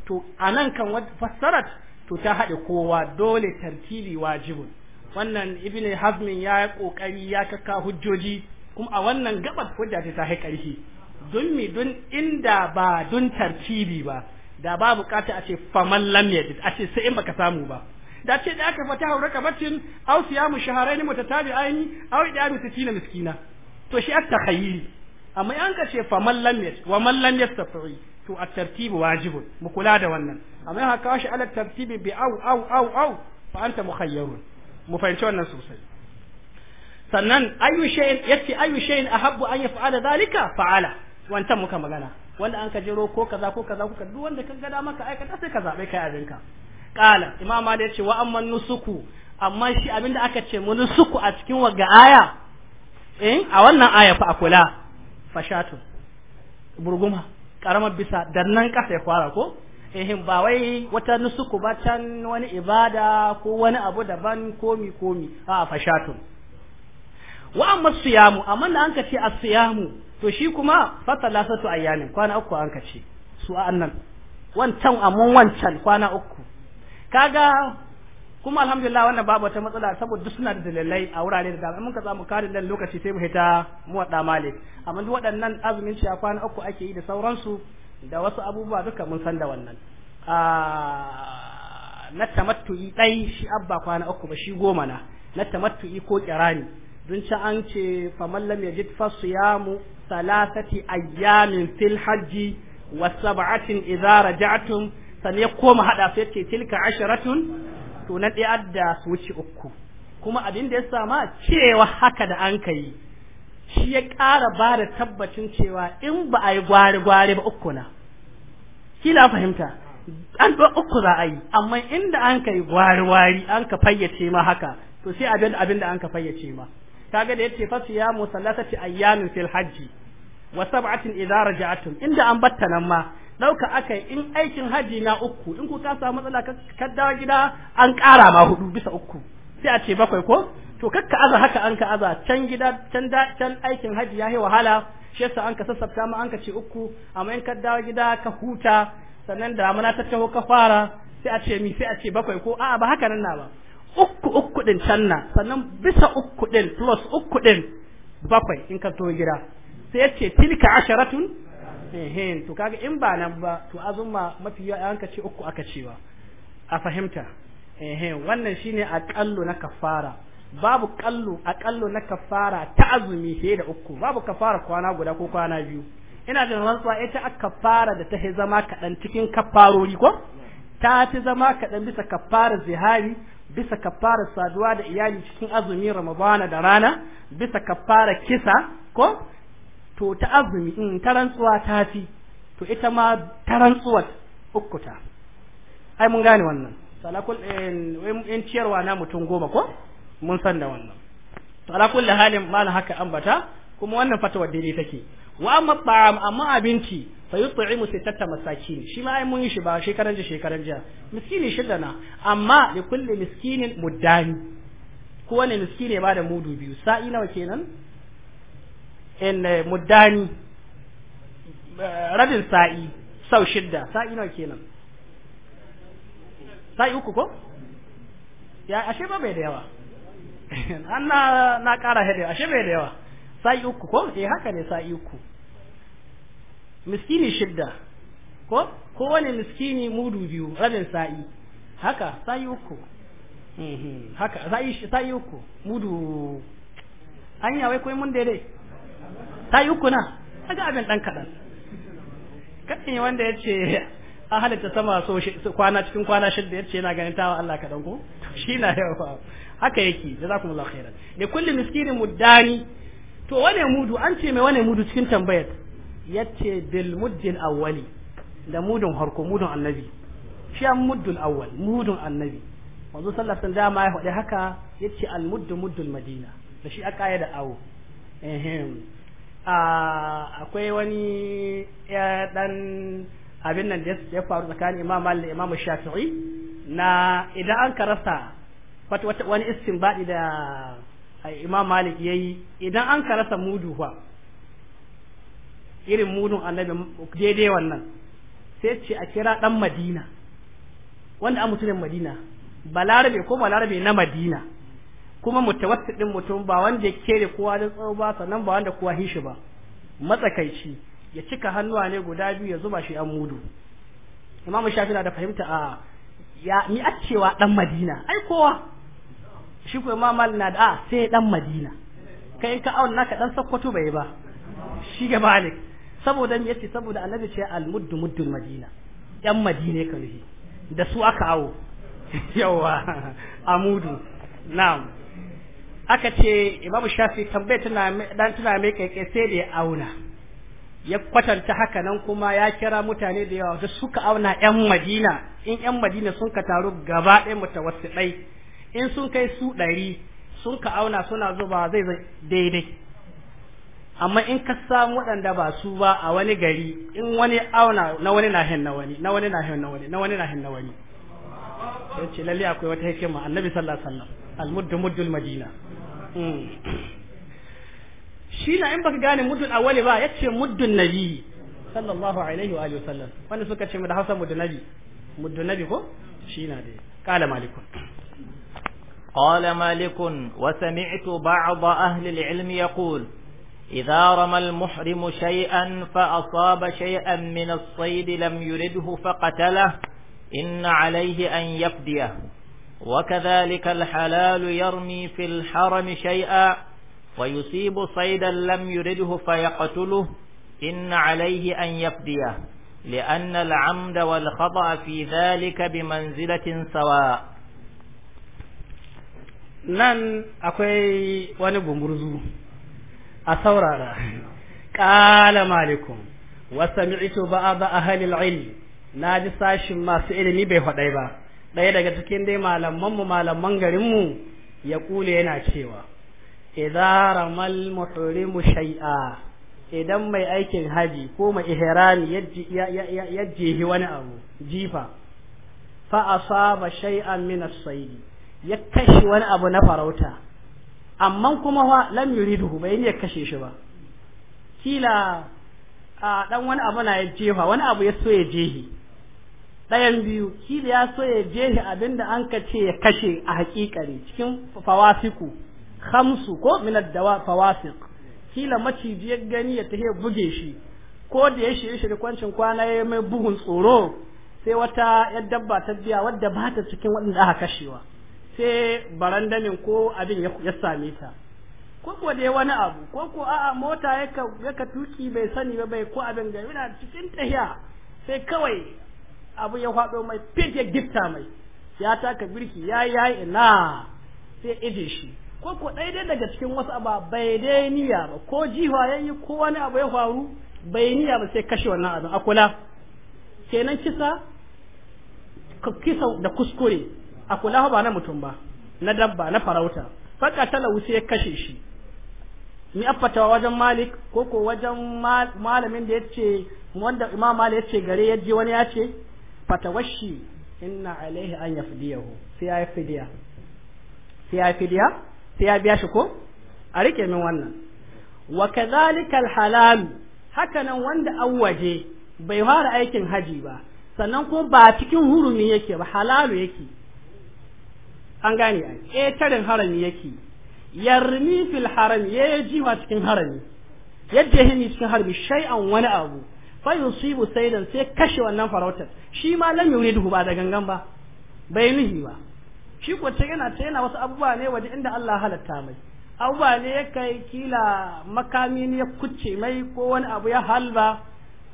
to anan kan fassarat to ta haɗe kowa dole tartibi wajibun wannan ibnu hazmin ya yi kokari ya kaka hujjoji kuma a wannan gabar hujja ce ta haƙarhi don mi don inda ba don tartibi ba da ba bukata a ce faman lam yajid a ce sai in baka samu ba da ce da aka fata hauraka bacin au siyamu shahararri mutatabi'aini au idaru 60 miskina to shi at takhayyuli amma an ka ce fa man lam wa man lam yastati to at tartibu wajibun mu kula da wannan amma in haka shi ala tartibi bi au au au au fa anta mukhayyarun mu fahimci wannan sosai sannan ayu shay'in yati ayu shay'in ahabbu an yaf'ala dhalika fa'ala wantan muka magana wanda an ka jiro ko kaza ko kaza ko duk wanda ka gada maka aikata sai ka zabe kai abinka qala imam malik yace wa amman nusuku amma shi abinda aka ce mun nusuku a cikin wagga aya in eh, a wannan aya fa akula fashatu burguma karamar bisa dan nan kasa ya fara ko ehin ba wai wata nusuku ba can wani ibada ko wani abu daban komi komi a fashatu wa amma siyamu amma nan anka ce asiyamu to shi kuma fa talasatu ayyamin kwana uku anka ce su annan wancan amma wancan kwana uku kaga kuma alhamdulillah wannan babu wata matsala saboda du suna da dalilai a wurare da dama mun ka samu karin dan lokaci sai mu hita mu wada malik amma duk waɗannan azumin shi kwana uku ake yi da sauransu da wasu abubuwa duka mun san da wannan ah, na tamattu'i dai shi abba kwana uku ba shi goma na na tamattu'i ko kirani dun ci an ce faman lam yajid fa siyamu salasati ayyamin fil hajji wa sab'atin idza raja'tum sannan ya koma hada sai ce tilka asharatun to nan ɗaya adda su wuce uku kuma abin da ya sama cewa haka da an kai shi ya ƙara ba da tabbacin cewa in ba a yi gwari-gwari ba uku na kila fahimta an ba uku za a yi amma inda an kai gwari-gwari an ka fayyace ma haka to sai abin abin da an ka fayyace ma kaga da yace fasu ya musallatati ayyamin fil hajji wa sab'atin idza raja'atum inda an batta nan ma ɗauka aka in aikin haji na uku in ku ka samu matsala ka dawo gida an ƙara ma hudu bisa uku sai a ce bakwai ko to kakka aza haka an ka aza can gida can da can aikin haji ya yi wahala shi yasa an ka sassafta ma an ka ce uku amma in ka dawo gida ka huta sannan damuna ta taho ka fara sai a ce mi sai a ce bakwai ko a'a ba haka nan na ba uku uku din can na sannan bisa uku din plus uku din bakwai in ka to gida sai ya ce tilka asharatun ehen to kaga in ba nan ba to azumma mafi yawa an ka ce uku aka cewa a fahimta ehen wannan shine aqallu na kafara babu a aqallu na kafara ta azumi sai da uku babu kafara kwana guda ko kwana biyu ina jin rantsuwa ita a kafara da ta he zama kaɗan cikin kafarori ko ta fi zama kaɗan bisa kafara zihari bisa kafara saduwa da iyali cikin azumi ramadana da rana bisa kafara kisa ko to ta azumi in ta ta fi to ita ma ta rantsuwar ai mun gane wannan salakul eh, in ciyarwa na mutum goma ko mun san da wannan to ala kulli halin mal haka ambata kuma wannan fatawar daidai take wa amma ta'am amma abinci fa yut'imu sittata masakin shi ma ai mun yi shi ba shekaran ji shekaran ji miskini shida na amma li kulli miskinin muddani wani miskine ba da mudu biyu sa'i nawa kenan in eh, muddani eh, rabin sa'i sau shidda sa'i nawa kenan sa'i uku ko ya ashe ba bai da yawa an na na kara hade ashe bai da yawa sa'i uku ko eh haka ne sa'i uku miskini shidda ko ko wani miskini mudu biyu rabin sa'i haka sa'i uku mhm. haka sa'i sa'i uku mudu anya wai koyi mun daidai ta yi uku na ga abin ɗan kaɗan kaɗin wanda ya ce a halitta sama so kwana cikin kwana shidda ya ce yana ganin tawa Allah kaɗan ko shi na yawa haka yake da za ku mula khairan da kulli miskinin muddani to wane mudu an ce mai wane mudu cikin tambayar ya ce bil muddin awwali da mudun harko mudun annabi shi an muddun awwal mudun annabi wanzu sallafin dama ya faɗi haka ya ce al muddu muddun madina da shi a ƙaya da awo akwai wani ya dan abin nan da ya faru tsakanin imam malik da imam shafi'i na idan an karasa wata wani baɗi da imam malik yi idan an karasa mudu fa irin mudun annabi daidai wannan sai ce a kira dan madina wanda an mutumin madina balarabe ko balarabe na madina kuma mutawassit din mutum ba wanda ya kere kowa da tsawo ba sannan ba wanda kowa hishi ba matsakaici ya cika hannuwa ne guda biyu ya zuba shi an mudu imamu shafi na da fahimta a ya ni a cewa dan madina ai kowa shi ko imamu na da a sai dan madina kai in ka auna ka dan sakkwato bai ba shi ga malik saboda me yace saboda annabi ce al muddu muddu madina yan madina kai da su aka awo yawa amudu na'am aka ce imamu shafi tambayar tana dan tana mai kai sai da ya auna ya kwatanta haka nan kuma ya kira mutane da yawa da suka auna yan madina in yan madina sun ka taru gaba ɗaya mutawassidai in sun kai su ɗari sun ka auna suna zuba zai zai daidai amma in ka samu waɗanda ba su ba a wani gari in wani auna na wani na hin na wani na wani na hin na wani na wani na hin na wani yace lalle akwai wata hikima annabi sallallahu alaihi wasallam almuddu muddul madina shi na in baka gane muddul awwali ba yace muddun nabi sallallahu alaihi wa alihi wasallam wanda suka ce mu da Hausa muddun nabi muddun nabi ko shi na dai qala malikun قال مالك وسمعت بعض أهل العلم يقول إذا رمى المحرم شيئا فأصاب شيئا من الصيد لم يرده فقتله إن عليه أن يفديه وكذلك الحلال يرمي في الحرم شيئا ويصيب صيدا لم يرده فيقتله إن عليه أن يفديه لأن العمد والخطأ في ذلك بمنزلة سواء nan akwai wani gumurzu a saurara ƙala malikum wasami'tu ba'd ahli al-'ilm na ji sashin masu ilimi bai faɗai ba ɗaya daga cikin dai malamanmu malaman garinmu ya kule yana cewa idza ramal muhrimu shay'a idan mai aikin haji ko mai ihrami yajjihi wani abu jifa fa asaba shay'an min as-sayd ya kashi wani abu na farauta amma kuma fa lam yuriduhu bai ne kashe shi ba kila a dan wani abu na ya jefa wani abu ya so ya jehi ɗayan biyu kila ya so ya je abin abinda an ka ce ya kashe a hakikari cikin fawasiku hamsu ko minad da fawasik kila maciji ya gani ya tahe buge shi ko da ya shirye shirye kwancin kwana ya mai buhun tsoro sai wata yar dabba ta biya wadda ba ta cikin waɗanda aka kashewa sai barandamin ko abin ya same ta ko ko dai wani abu ko ko a'a mota yaka ka tuki bai sani ba bai ko abin ga yana cikin tahiya sai kawai abu ya faɗo mai fit ya gifta mai ya taka birki ya yi ya ina sai ije shi ko ko daidai daga cikin wasu abu bai dai niyya ba ko jiwa ya yi ko wani abu ya faru bai niyya ba sai kashe wannan abin akula kenan kisa da kuskure akula ba na mutum ba na dabba na farauta faka wuce sai kashe shi ni affatawa wajen malik ko ko wajen malamin da ya ce wanda imam malik ce gare ya je wani ya ce. fatawashi inna alaihi an yafdiyahu sai ya fidiya sai ya fidiya sai ya biya shi ko a rike min wannan wa kadhalika alhalal haka nan wanda an waje bai fara aikin haji ba sannan ko ba cikin hurumi yake ba halalu yake an gane a ƙetarin harami yake yarmi fil harami ya jiwa cikin harami yadda ya cikin harami shay'an wani abu fa yusibu dan sai kashe wannan farautar shi ma lam duhu ba da gangan ba bai nuhi ba shi ko ta yana ta yana wasu abubuwa ne waje inda Allah halatta mai abubuwa ne ya kai kila makami ne ya kucce mai ko wani abu ya halba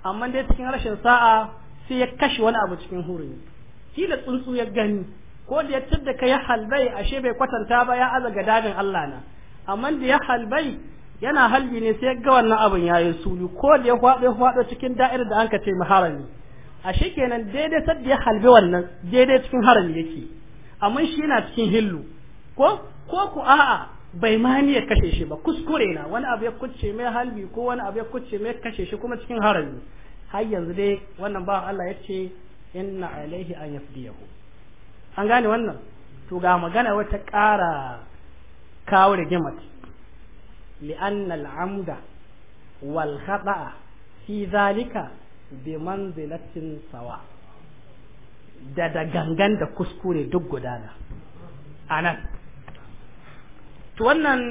amma dai cikin rashin sa'a sai ya kashe wani abu cikin hurumi kila tsuntsu ya gani ko da ya tadda ka ya halbai ashe bai kwatanta ba ya azaga dadin Allah na amma da ya halbai yana halbi ne sai ga wannan abin yayi suli ko da ya faɗo faɗo cikin da'irar da anka ce harami a kenan daidai sadda ya halbi wannan daidai cikin harami yake amma shi yana cikin hillu ko ko ku a'a bai ma ni ya kashe shi ba kuskure na wani abu ya kucce mai halbi ko wani abu ya kucce mai kashe shi kuma cikin harami har yanzu dai wannan ba Allah ya ce inna alaihi an yafdiyahu an gane wannan to ga magana wata ƙara kawo rigimat لأن العمد والخطأ في ذلك بمنزلة سواء da da gangan da kuskure duk gudana a nan to wannan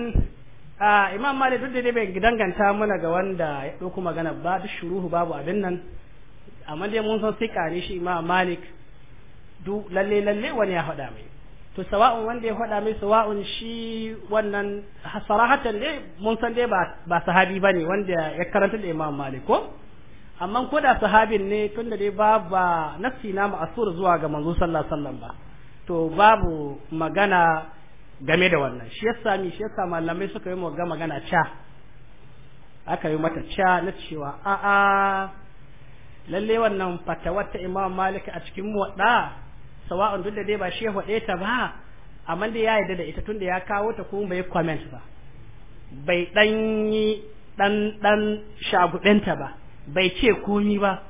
imam malik duk da bai danganta mana ga wanda ya ɗauko magana ba duk babu abin nan amma dai mun san sika ne shi imam malik du lalle lalle wani ya faɗa mai to sawa'un wanda ya faɗa mai sawa'un shi wannan sarahatan dai mun san dai ba sahabi ba ne wanda ya karanta da imam malik ko amma ko da sahabin ne tunda dai ba ba nafsi na ma'asur zuwa ga manzo sallallahu alaihi wasallam ba to babu magana game da wannan shi yasa mi shi yasa malamai suka yi ga magana cha aka yi mata cha na cewa a'a lalle wannan fatawar ta imam malik a cikin muwadda sawa'un duk da dai ba shi ya faɗe ta ba amma da ya yarda da ita tunda ya kawo ta kuma bai comment ba bai dan yi dan dan shagudinta ba bai ce komi ba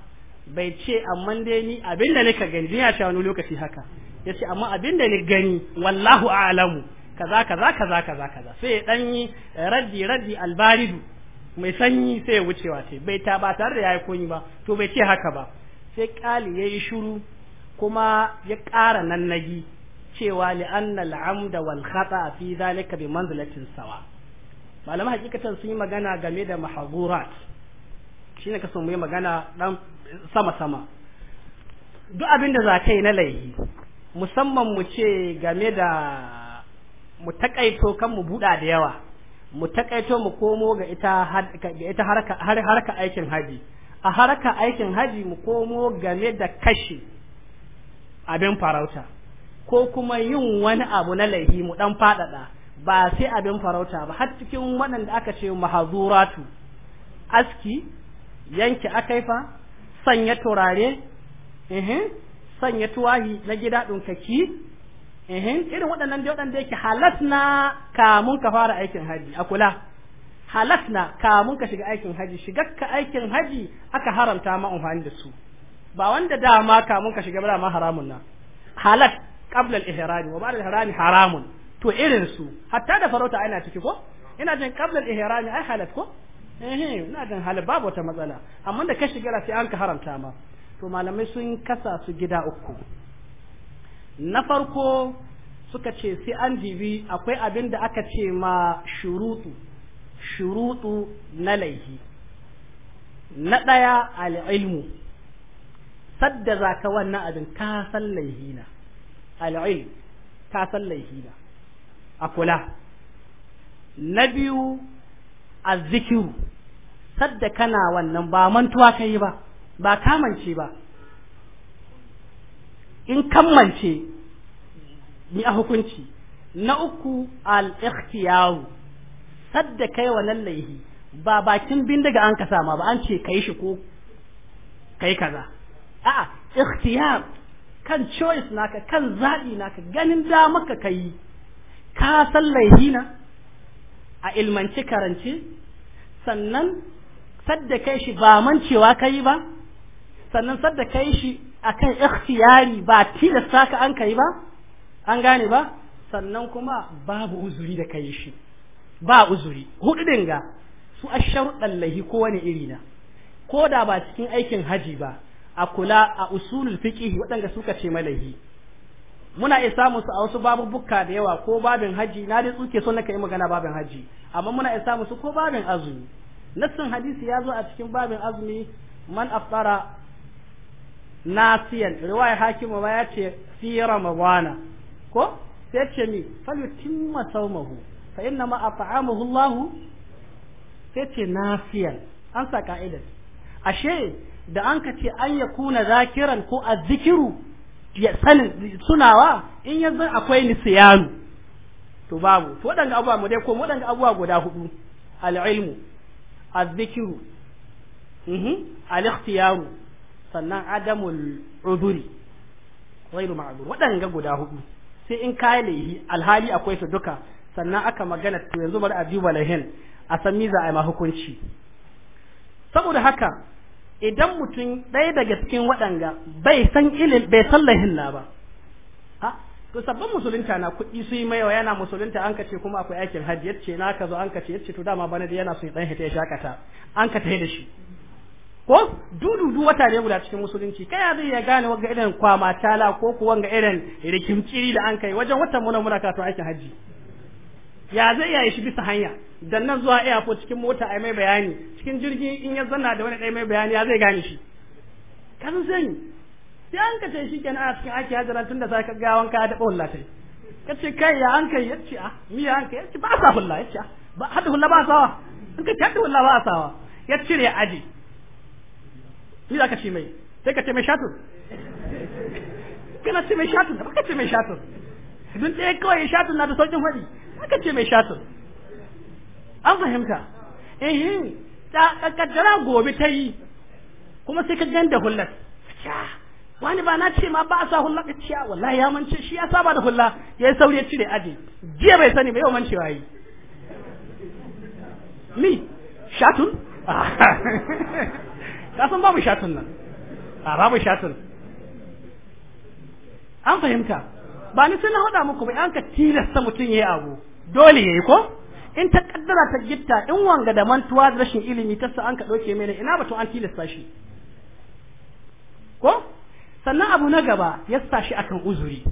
bai ce amma dai ni abinda nika gani ya ce wani lokaci haka yace amma abinda ni gani wallahu a'lamu kaza kaza kaza kaza kaza sai ya dan yi raddi raddi albaridu mai sanyi sai ya wucewa sai bai ta ba tare da yayi komi ba to bai ce haka ba sai kali yayi shiru kuma ya ƙara nan nagi cewa li'anna al'amda wal khata fi zalika bi manzilatin sawa malaman hakikatan sun yi magana game da mahazurat shine kasan mu yi magana dan sama sama duk abin da za yi na laihi musamman mu ce game da mu takaito kan mu buɗa da yawa mu takaito mu komo ga ita ita harka harka aikin haji a harka aikin haji mu komo game da kashi abin farauta ko kuma yin wani abu na laifi mu dan fadada ba sai abin farauta ba har cikin waɗanda aka ce mahazuratu aski yanke akaifa sanya turare sanya tuwahi na gida ɗunkaki irin waɗannan da waɗanda yake halas na kamun ka fara aikin haji a kula halas na kamun ka shiga aikin haji shigar ka aikin haji aka haramta ma amfani da su ba wanda dama kamun ka shiga ba haramun na halat qabla al-ihram wa ba'da ihram haramun to irin su hatta da farauta ina ciki ko ina jin qabla al-ihram ai halat ko eh ina jin halat babu wata matsala amma da ka shiga sai an ka haramta ma to malamai sun kasa su gida uku na farko suka ce sai an jibi akwai abin da aka ce ma shurutu shurutu na laihi na ɗaya ilmu. sadda za ka wannan abin ka san laihina al'ilm ka san laihina a kula na biyu a zikiru sadda kana wannan ba mantuwa ka yi ba ba kamance ba in kammance ni a hukunci na uku al sadda kai wannan laihi ba bakin bindiga an ka sama ba an ce kai shi ko kai kaza a'a ikhtiyar kan choice naka kan zaɓi naka ganin da maka kai ka san laihina a ilmanci karance sannan sadda kai shi ba mancewa kai ba sannan sadda kai shi akan ikhtiyari ba tilasta ka an kai ba an gane ba sannan kuma babu uzuri da kai shi ba uzuri hudu dinga su asharuɗan laifi ko wani iri na ko da ba cikin aikin haji ba a kula a usulul fiqh waɗanda suka ce malahi muna iya samun su a wasu bukka da yawa ko babin haji na dai tsuke son naka yi magana babin haji amma muna iya samun su ko babin azumi nassin hadisi ya zo a cikin babin azumi man afara nasiyan riwaya hakimu ma ya ce fi ramadana ko sai ce mi yutimma saumahu fa inna ma at'amahu Allah sai ce nasiyan an sa ka'idar ashe da an ka ce an ya kuna zakiran ko a zikiru ya sani sunawa in yanzu akwai nisiyanu to babu to waɗanda abuwa mu dai ko waɗanda abuwa guda hudu al'ilmu a zikiru mhm, al-ikhtiyaru sannan adamul uduri ghairu ma'dur waɗanda guda hudu sai in kai yi alhali akwai su duka sannan aka magana to yanzu bar a lahin a san miza a ma hukunci saboda haka idan mutum ɗaya daga cikin waɗanga bai san ilil bai san ba ha to sabbin musulunta na kuɗi su yi mai yana musulunta an kace kuma akwai aikin hajji yace na ka zo an kace ce to dama bana da yana so ya dan hita ya shakata an ka da shi ko dududu wata ne guda cikin musulunci kai ya zai ya gane wanga irin kwama tala ko kuwa irin rikimciri da an kai wajen watan muna muna karatu aikin hajji ya zai yayi shi bisa hanya dan nan zuwa airport cikin mota ai mai bayani cikin jirgi in ya zanna da wani dai mai bayani ya zai gane shi san ni sai an kace shi kenan a cikin ake hajara tunda sai ka ga wanka da bawalla tai kace kai ya an kai yace a ah, mi ya an kai yace ba sa hulla yace ba hada hulla ba sawa in ka hada hulla ba sawa ya cire ya aje ni zaka ce mai sai ka ce mai shatu kana ce mai shatu ba ka ce mai shatu dun ɗaya kawai shatu na da sauƙin faɗi aka ce mai shatin an fahimta eh ta kaddara gobe ta yi kuma sai ka ganda hullar wani ba na ce ma ba a sa hulla ka ciya wallahi ya mance shi ya saba da hula ya yi sauri ya cire aji jiya bai sani ba yau mancewa yi ni shatun ah. ka san babu shatun nan a ah, babu shatun an fahimta ba ni sai na haɗa muku ba an ka tilasta mutum ya yi abu dole ya yi ko in ta kaddara ta gitta in wanga da mantuwa rashin ilimi ta sa an ka ɗauke mai ina batun an tilasta shi ko sannan abu na gaba ya sa shi akan uzuri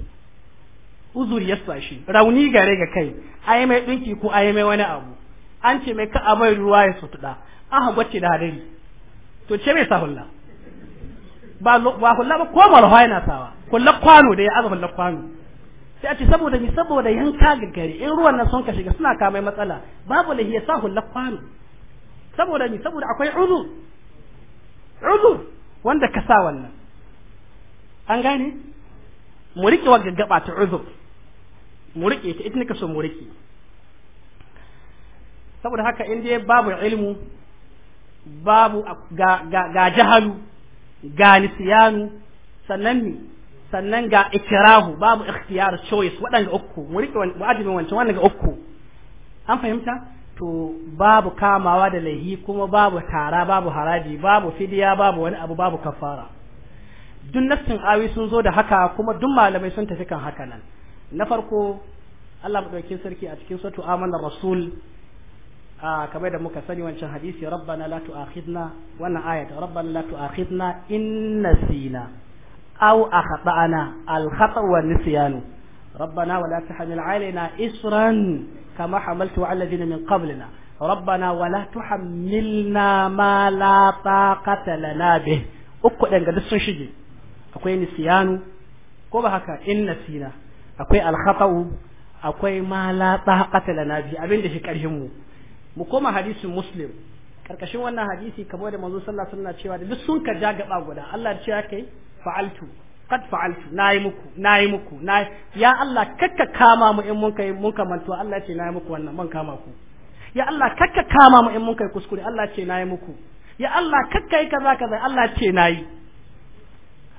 uzuri ya sa shi rauni gare ga kai a yi mai ɗinki ko a yi mai wani abu an ce mai ka a mai ruwa ya sutuɗa? an hagwace da hadari to ce mai sa hulla ba ba ko malha yana sawa kullu kwano da ya azaba hulla kwano sai a ce saboda mi saboda yanka ga gari in ruwan nan sun ka shiga suna kamai matsala babu la hiya sa hulla saboda mi saboda akwai uzur uzur wanda ka sa wannan an gane mu rike wa gaggaba ta uzur mu rike ta ita nika so mu rike saboda haka in dai babu ilmu babu ga ga, jahalu ga nisyanu sannan ni sannan ga ikirahu babu ikhtiyar choice waɗanda uku mu rike wancan wannan ga uku an fahimta to babu kamawa da laihi kuma babu tara babu haraji babu fidiya babu wani abu babu kafara duk nassin awi sun zo da haka kuma duk malamai sun tafi kan haka nan na farko Allah madaukakin sarki a cikin suratul amanar rasul a kamar da muka sani wancan hadisi rabbana la tu'akhidna wannan ayat rabbana la tu'akhidna in nasina أو أخطأنا الخطأ والنسيان ربنا ولا تحمل علينا إسرا كما حملت على الذين من قبلنا ربنا ولا تحملنا ما لا طاقة لنا به uku ɗan ga duk sun shige akwai nisiyanu ko ba haka in nasina akwai alkhata'u akwai ma la taqata abin da shi mu koma hadisin muslim karkashin wannan hadisi kamar da manzo sallallahu alaihi wasallam cewa da duk sun ka ja gaba guda Allah ya ce kai fa'altu qad fa'altu nayi muku nayi muku na ya Allah kakka kama mu in mun kai mun Allah ce nayi muku wannan kama ku ya Allah kakka kama mu in mun kai kuskure Allah ce nayi muku ya Allah kakka kaza kaza Allah ce nayi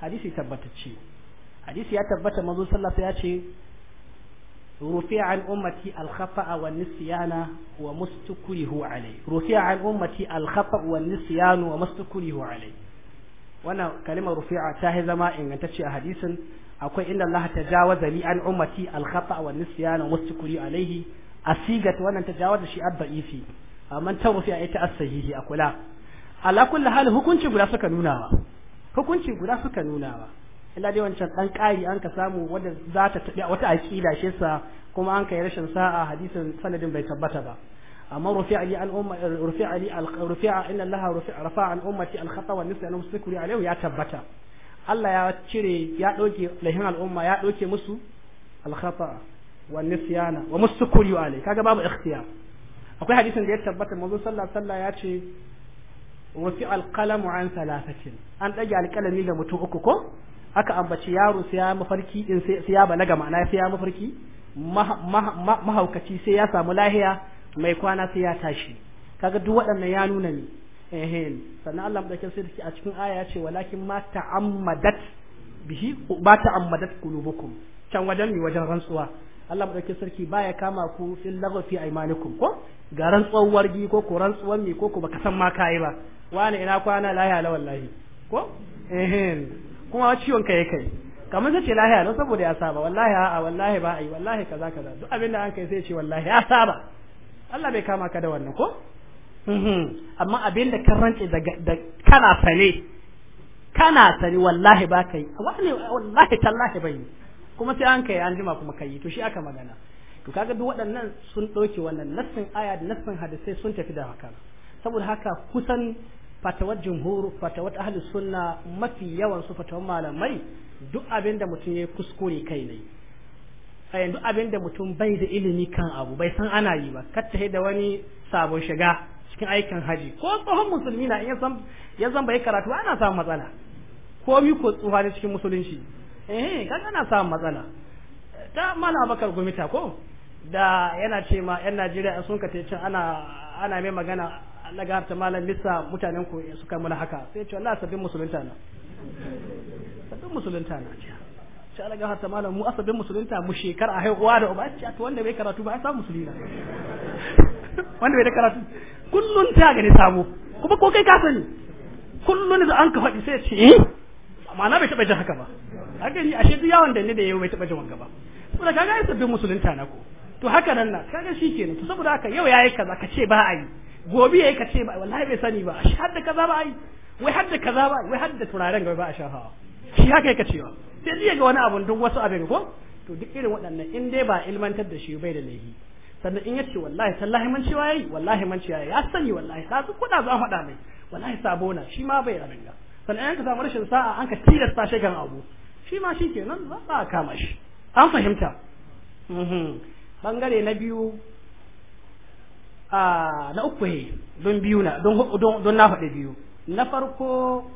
hadisi tabbatacce hadisi ya tabbata manzo sallallahu ya ce rufi'a an ummati al-khafa'a wa mustukrihu alai rufi'a an ummati al wannan kalimar rufi'a ta yi zama ingantacce a hadisin akwai inda Allah ta jawaza li an ummati al khata wa nisyan wa sukuri alaihi asigat wannan ta jawaza shi abba'ifi amma ta rufi'a ita as-sahihi a kula ala kulli hal hukunci guda suka nunawa hukunci guda suka nunawa illa dai wancan dan kari an ka samu wanda za ta a wata aqida shi sa kuma an kai rashin sa'a hadisin sanadin bai tabbata ba أما رفع لي الأمة رفع لي رفع al الله رفع رفع عن أمتي الخطأ ya أنهم سكروا عليه يا ya الله يا al يا دوكي لهنا الأمة يا دوكي مسو الخطأ والنسيان ومسكروا عليه كذا باب اختيار akwai hadisin da ya tabbata manzo sallallahu alaihi ya ce wasi alqalamu an salasatin an dage alqalami ga mutum uku ko aka ambaci yaro sai ya mafarki in sai ya balaga ma'ana sai ya mafarki mahaukaci sai ya samu lahiya mai kwana sai ya tashi kaga duk waɗannan ya nuna ne. ehin sannan Allah madaukin sarki a cikin aya ya ce walakin ma ta'ammadat bihi ba ta'ammadat qulubukum can wajen mi wajen rantsuwa Allah madaukin sarki baya kama ku fil lagfi aymanikum ko ga rantsuwar wargi ko ko rantsuwar mi ko ko baka san ma kai ba wani ina kwana la ya wallahi ko ehin kuma ciwon kai kai kamar sai ce lahiya don saboda ya saba wallahi a'a wallahi ba a yi wallahi kaza kaza duk abin da an kai sai ce wallahi ya saba Allah bai kama ka da wannan ko mhm. amma abin da kan rance da kana sane kana sane wallahi ba ka yi wani wallahi tallahi bai kuma sai an kai an jima kuma kai to shi aka magana to kaga duk waɗannan sun ɗauke wannan nassin aya da nassin hadisai sun tafi da haka saboda haka kusan fatawar jumhur fatawar hali sunna mafi yawan su fatawar malamai duk abin da mutum ya yi kuskure kai ne a yanzu abin da mutum bai da ilimi kan abu bai san ana yi ba kar da wani sabon shiga cikin aikin haji ko tsohon musulmi na san ya san bai karatu ana samun matsala ko mi ko tsufa ne cikin musulunci eh kan ana samun matsala ta mana bakar gumita ko da yana ce ma yan Najeriya sun ka ce ana ana mai magana Allah ga harta malam Lissa mutanen ku suka mana haka sai ce Allah sabbin musulunta na sabbin musulunta na ce ci ala gafar ta malam mu asabin musulunta mu shekar a haihuwa da uba ci to wanda bai karatu ba ai samu musulina wanda bai da karatu kullun ta gani samu kuma ko kai ka sani kullun da an ka faɗi sai ce eh ma'ana bai taɓa jin haka ba haka ni ashe duk yawon da ni da yau bai taɓa jin wanga ba saboda kaga ai sabbin musulunta na ko to haka nan na kaga shi shikenan to saboda haka yau yayi kaza ka ce ba a yi gobe yayi ka ce ba wallahi bai sani ba ashe hadda kaza ba a yi wai hadda kaza ba wai hadda turaren ga ba a shafawa shi haka yake cewa sai zai ga wani abun duk wasu abin ko to duk irin waɗannan in dai ba ilmantar da shi bai da laifi sannan in yace wallahi tallahi man cewa yayi wallahi man cewa ya sani wallahi ka su kuɗa za faɗa mai wallahi sabona shi ma bai ranin ga sannan in ka samu rashin sa'a an ka tilasta shi kan abu shi ma shi kenan za a kama shi an fahimta mhm. bangare na biyu Ah, na uku ne don biyu na don na faɗi biyu na farko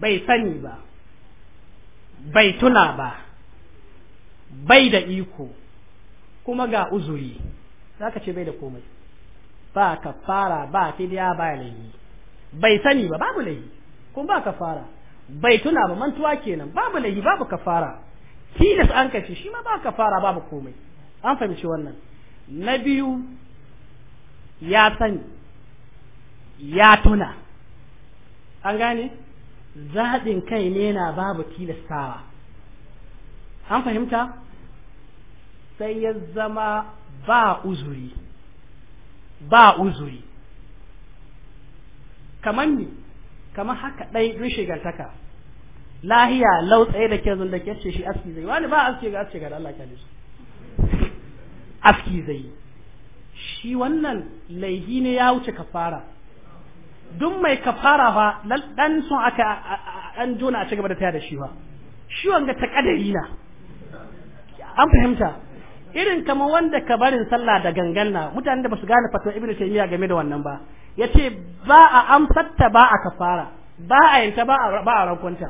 bai sani ba bai tuna ba bai da iko kuma ga uzuri zaka ce bai da komai ba ka fara ba fidiya ba laifi bai sani ba babu laifi kuma ba ka fara bai tuna ba mantuwa kenan babu laifi babu kafara tilas an kace shi ma ba fara babu komai an fahimci wannan na biyu ya sani ya tuna an gane zaɓin kai ne na babu tilastawa an fahimta sai ya zama ba uzuri ba uzuri kamar ni kamar haka ɗai rishe shigantaka. lahiya lau tsaye da ke da ke ce shi aski zai wani ba aski ga aski ga Allah kyale su aski zai shi wannan laihi ne ya wuce kafara duk mai kafara fa dan sun aka an jona a cigaba da taya da shi ba shi wanga ta kadari na an fahimta irin kamar wanda ka barin sallah da ganganna na mutanen da basu gane fatwa ibnu taymiya game da wannan ba yace ba a ta ba a kafara ba a yanta ba a ba a rankwanta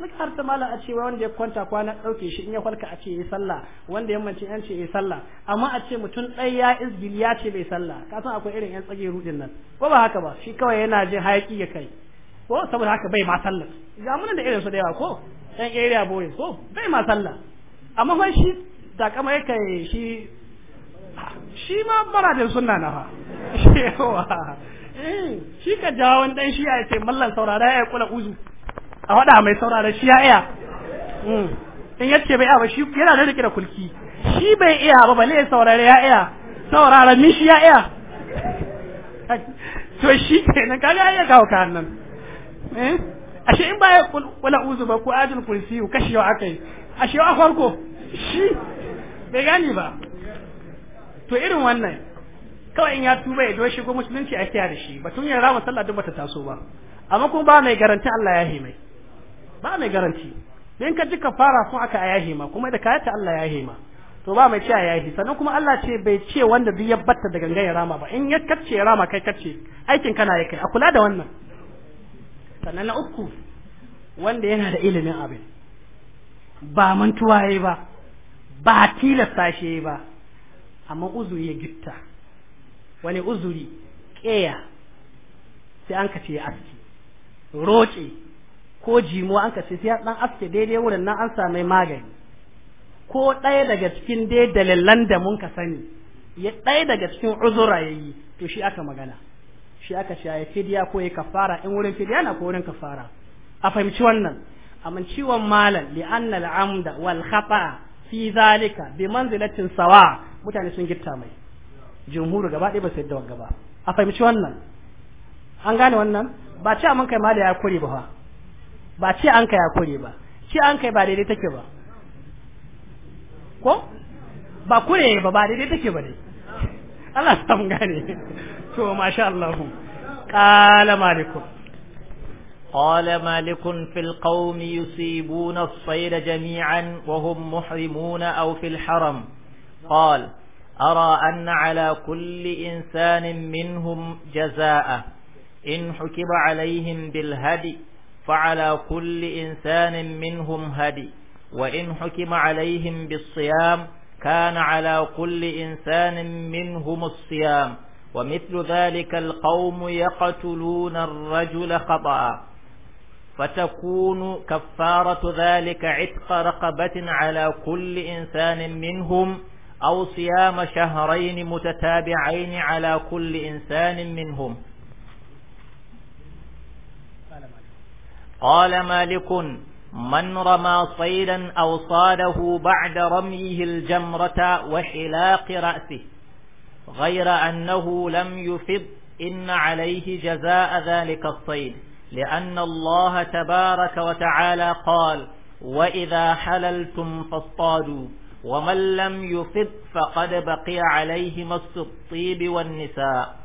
muka harta mala a cewa wanda ya kwanta kwana ɗauke shi in ya kwalka a ce ya sallah wanda ya mance yan ce ya sallah amma a ce mutum ɗaya ya izgil ya ce bai sallah ka san akwai irin yan tsage rudin nan ko ba haka ba shi kawai yana jin hayaki ya kai ko saboda haka bai ma sallah ga mun da irin su da yawa ko ɗan area boy ko bai ma sallah amma fa shi da kama ya kai shi shi ma da sunna na fa eh, shi ka jawo wani ɗan shi ya ce mallan saurara ya kula uzu a faɗa mai saurara shi ya iya hmm. in ya ce bai iya ba shi yana da rike da kulki shi bai iya ba bale saurare ya iya saurara ni shi ya iya to shi ke kenan kaga ya kawo ka nan eh? ashe in baya wala uzu ba ko ajin kursi ko kashe wa akai ashe wa farko shi bai gani ba to irin wannan kawai in ya tuba ya doshi ko musulunci a kiyaye da shi batun yin rama sallah duk bata taso ba amma kuma ba mai garanti Allah ya hime. mai ba mai garanti in ka ji kafara sun aka yahi ma kuma da kayata Allah yahe ma to ba mai ce yahi sannan kuma Allah ce bai ce wanda duk ya batta da gangan ya rama ba in ya kacce rama kai kacce aikin kana ya kai a kula da wannan sannan na uku wanda yana da ilimin abin ba mantuwa yayi ba ba tilasta shi ba amma uzuri ya gitta wani uzuri ƙeya sai an kace ya aski roƙe ko jimo an kace sai dan aske daidai wurin nan an same magani ko ɗaya daga cikin dai dalilan da mun ka sani ya ɗaya daga cikin uzura yayi to shi aka magana shi aka ce ya fidiya ko ya kafara in wurin fidiya na ko wurin kafara a fahimci wannan amma ciwon malam li anna amda wal khata fi zalika bi manzilatin sawa mutane sun gitta mai jumhur gaba ɗaya ba su yadda gaba a fahimci wannan an gane wannan ba ce mun kai mali ya kure ba fa ba ce an kai ya ba ce an kai ba daidai take ba ko ba kure ba ba daidai take ba ne Allah ya samu gane to masha Allah qala malikun qala malikun fil مالك yusibuna as يصيبون jami'an wa hum محرمون aw fil haram قال أرى أن على كل إنسان منهم جزاء إن حكب عليهم بالهدي فعلى كل إنسان منهم هدي وإن حكم عليهم بالصيام كان على كل إنسان منهم الصيام ومثل ذلك القوم يقتلون الرجل خطأ فتكون كفارة ذلك عتق رقبة على كل إنسان منهم أو صيام شهرين متتابعين على كل إنسان منهم قال مالك من رمى صيدا أو صاده بعد رميه الجمرة وحلاق رأسه غير أنه لم يفض إن عليه جزاء ذلك الصيد لأن الله تبارك وتعالى قال وإذا حللتم فاصطادوا ومن لم يفض فقد بقي عليه مس الطيب والنساء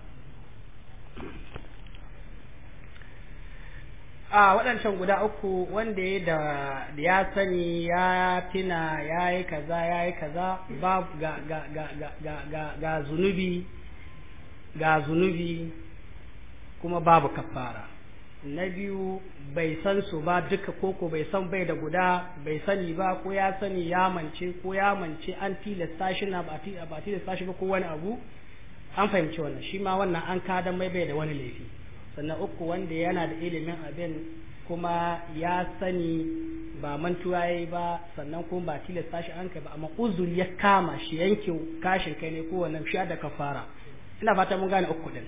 a waɗancan guda uku wanda ya da ya sani ya tina ya yi kaza ya yi kaza ba ga ga ga ga ga ga zunubi ga zunubi kuma babu kafara na biyu bai san su ba duka koko bai san bai da guda bai sani ba ko ya sani ya mance ko ya mance an tilasta shi na ba tilasta shi ba ko wani abu an fahimci wannan shi ma wannan an kada mai bai da wani laifi sannan uku wanda yana da ilimin abin kuma ya sani ba mantuwa ba sannan kuma ba tilasta shi an kai ba amma uzuri ya kama shi yanke kashin kai ne kowane shi da kafara ina fata mun gane uku din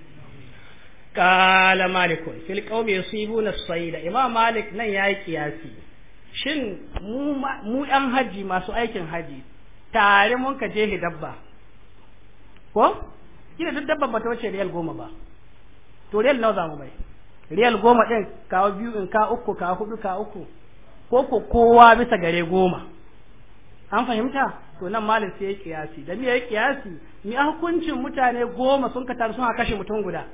qala malikun fil qaumi yusibuna as-sayda imam malik nan yayi kiyasi shin mu mu yan hajji masu aikin hajji tare mun ka je dabba ko kina duk dabba ba ta da riyal goma ba to real nawa za mu bai real goma ɗin kawo biyu in ka uku ka hudu ka uku ko ko kowa bisa gare goma an fahimta to nan malin sai ya kiyasi da ya kiyasi mi a hukuncin mutane goma sun ka taru sun a kashe mutum guda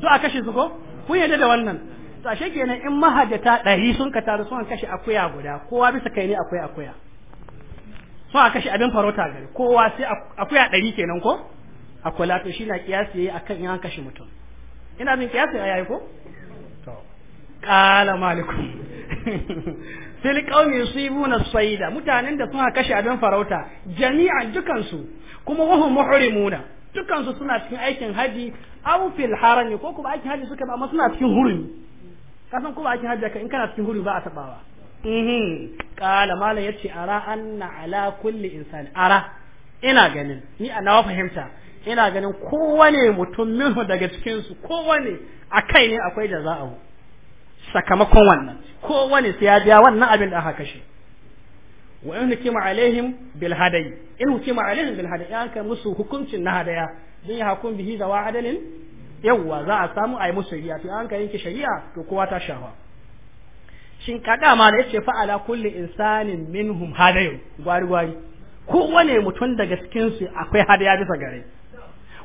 duk a kashe su ko kun yarda da wannan to ashe kenan in mahajjata ɗari sun ka taru sun kashe akuya guda kowa bisa kai ne akuya akuya sun a kashe abin farauta gari kowa sai akuya ɗari kenan ko akwala to shi na kiyasi yayi akan in kashe mutum ina bin kiyasi yayi ko to qala malikum fil qawmi yusibuna sayda mutanen da suka kashe abin farauta jami'an dukan su kuma wahum muhrimuna dukan su suna cikin aikin haji aw fil haram ko kuma aikin haji suka ba amma suna cikin hurumi kasan kuma aikin haji ka in kana cikin hurumi ba a tabawa mhm qala malam yace ara anna ala kulli insani ara ina ganin ni ana fahimta ina ganin kowane mutum minhu daga cikinsu kowane a kai ne akwai da za'ahu sakamakon wannan kowane sai ya biya wannan abin da aka kashe wa in hukima alaihim bil hadai in hukima alaihim bil hadai an kai musu hukuncin na hadaya zai hakun bihi da wa adalin yawwa za a samu a yi musu shari'a to an kai yanke shari'a to kowa ta shawa. shin kaga ma da yace fa'ala kulli insanin minhum hadayu gwari gwari kowane mutum daga cikinsu akwai hadaya bisa gare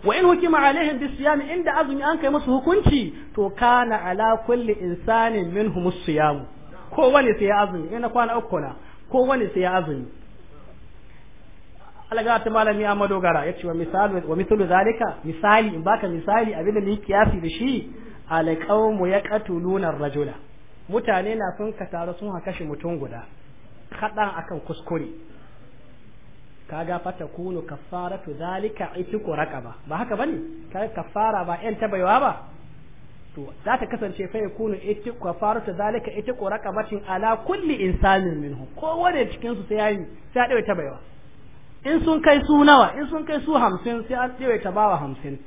wa in hukima alaihim bisiyam inda azumi an kai musu hukunci to kana ala kulli insanin minhum as-siyam ko wani sai ya azumi ina kwana uku na ko wani sai ya azumi alaga ta malami amma dogara yace wa misalu wa mithlu zalika misali in baka misali abin da ni kiyasi da shi alqawmu yaqtuluna ar-rajula mutane na sun ka taro sun kashe mutum guda kadan akan kuskure kaga fata kunu kaffaratu zalika itiku raqaba ba haka bane ka kaffara ba yan tabaiwa ba to za ta kasance fa yakunu itiku kaffaratu zalika itiku raqabatin ala kulli insanin ko wanda cikin su sai yayi sai dawo in sun kai su nawa in sun kai su 50 sai an dawo tabawa 50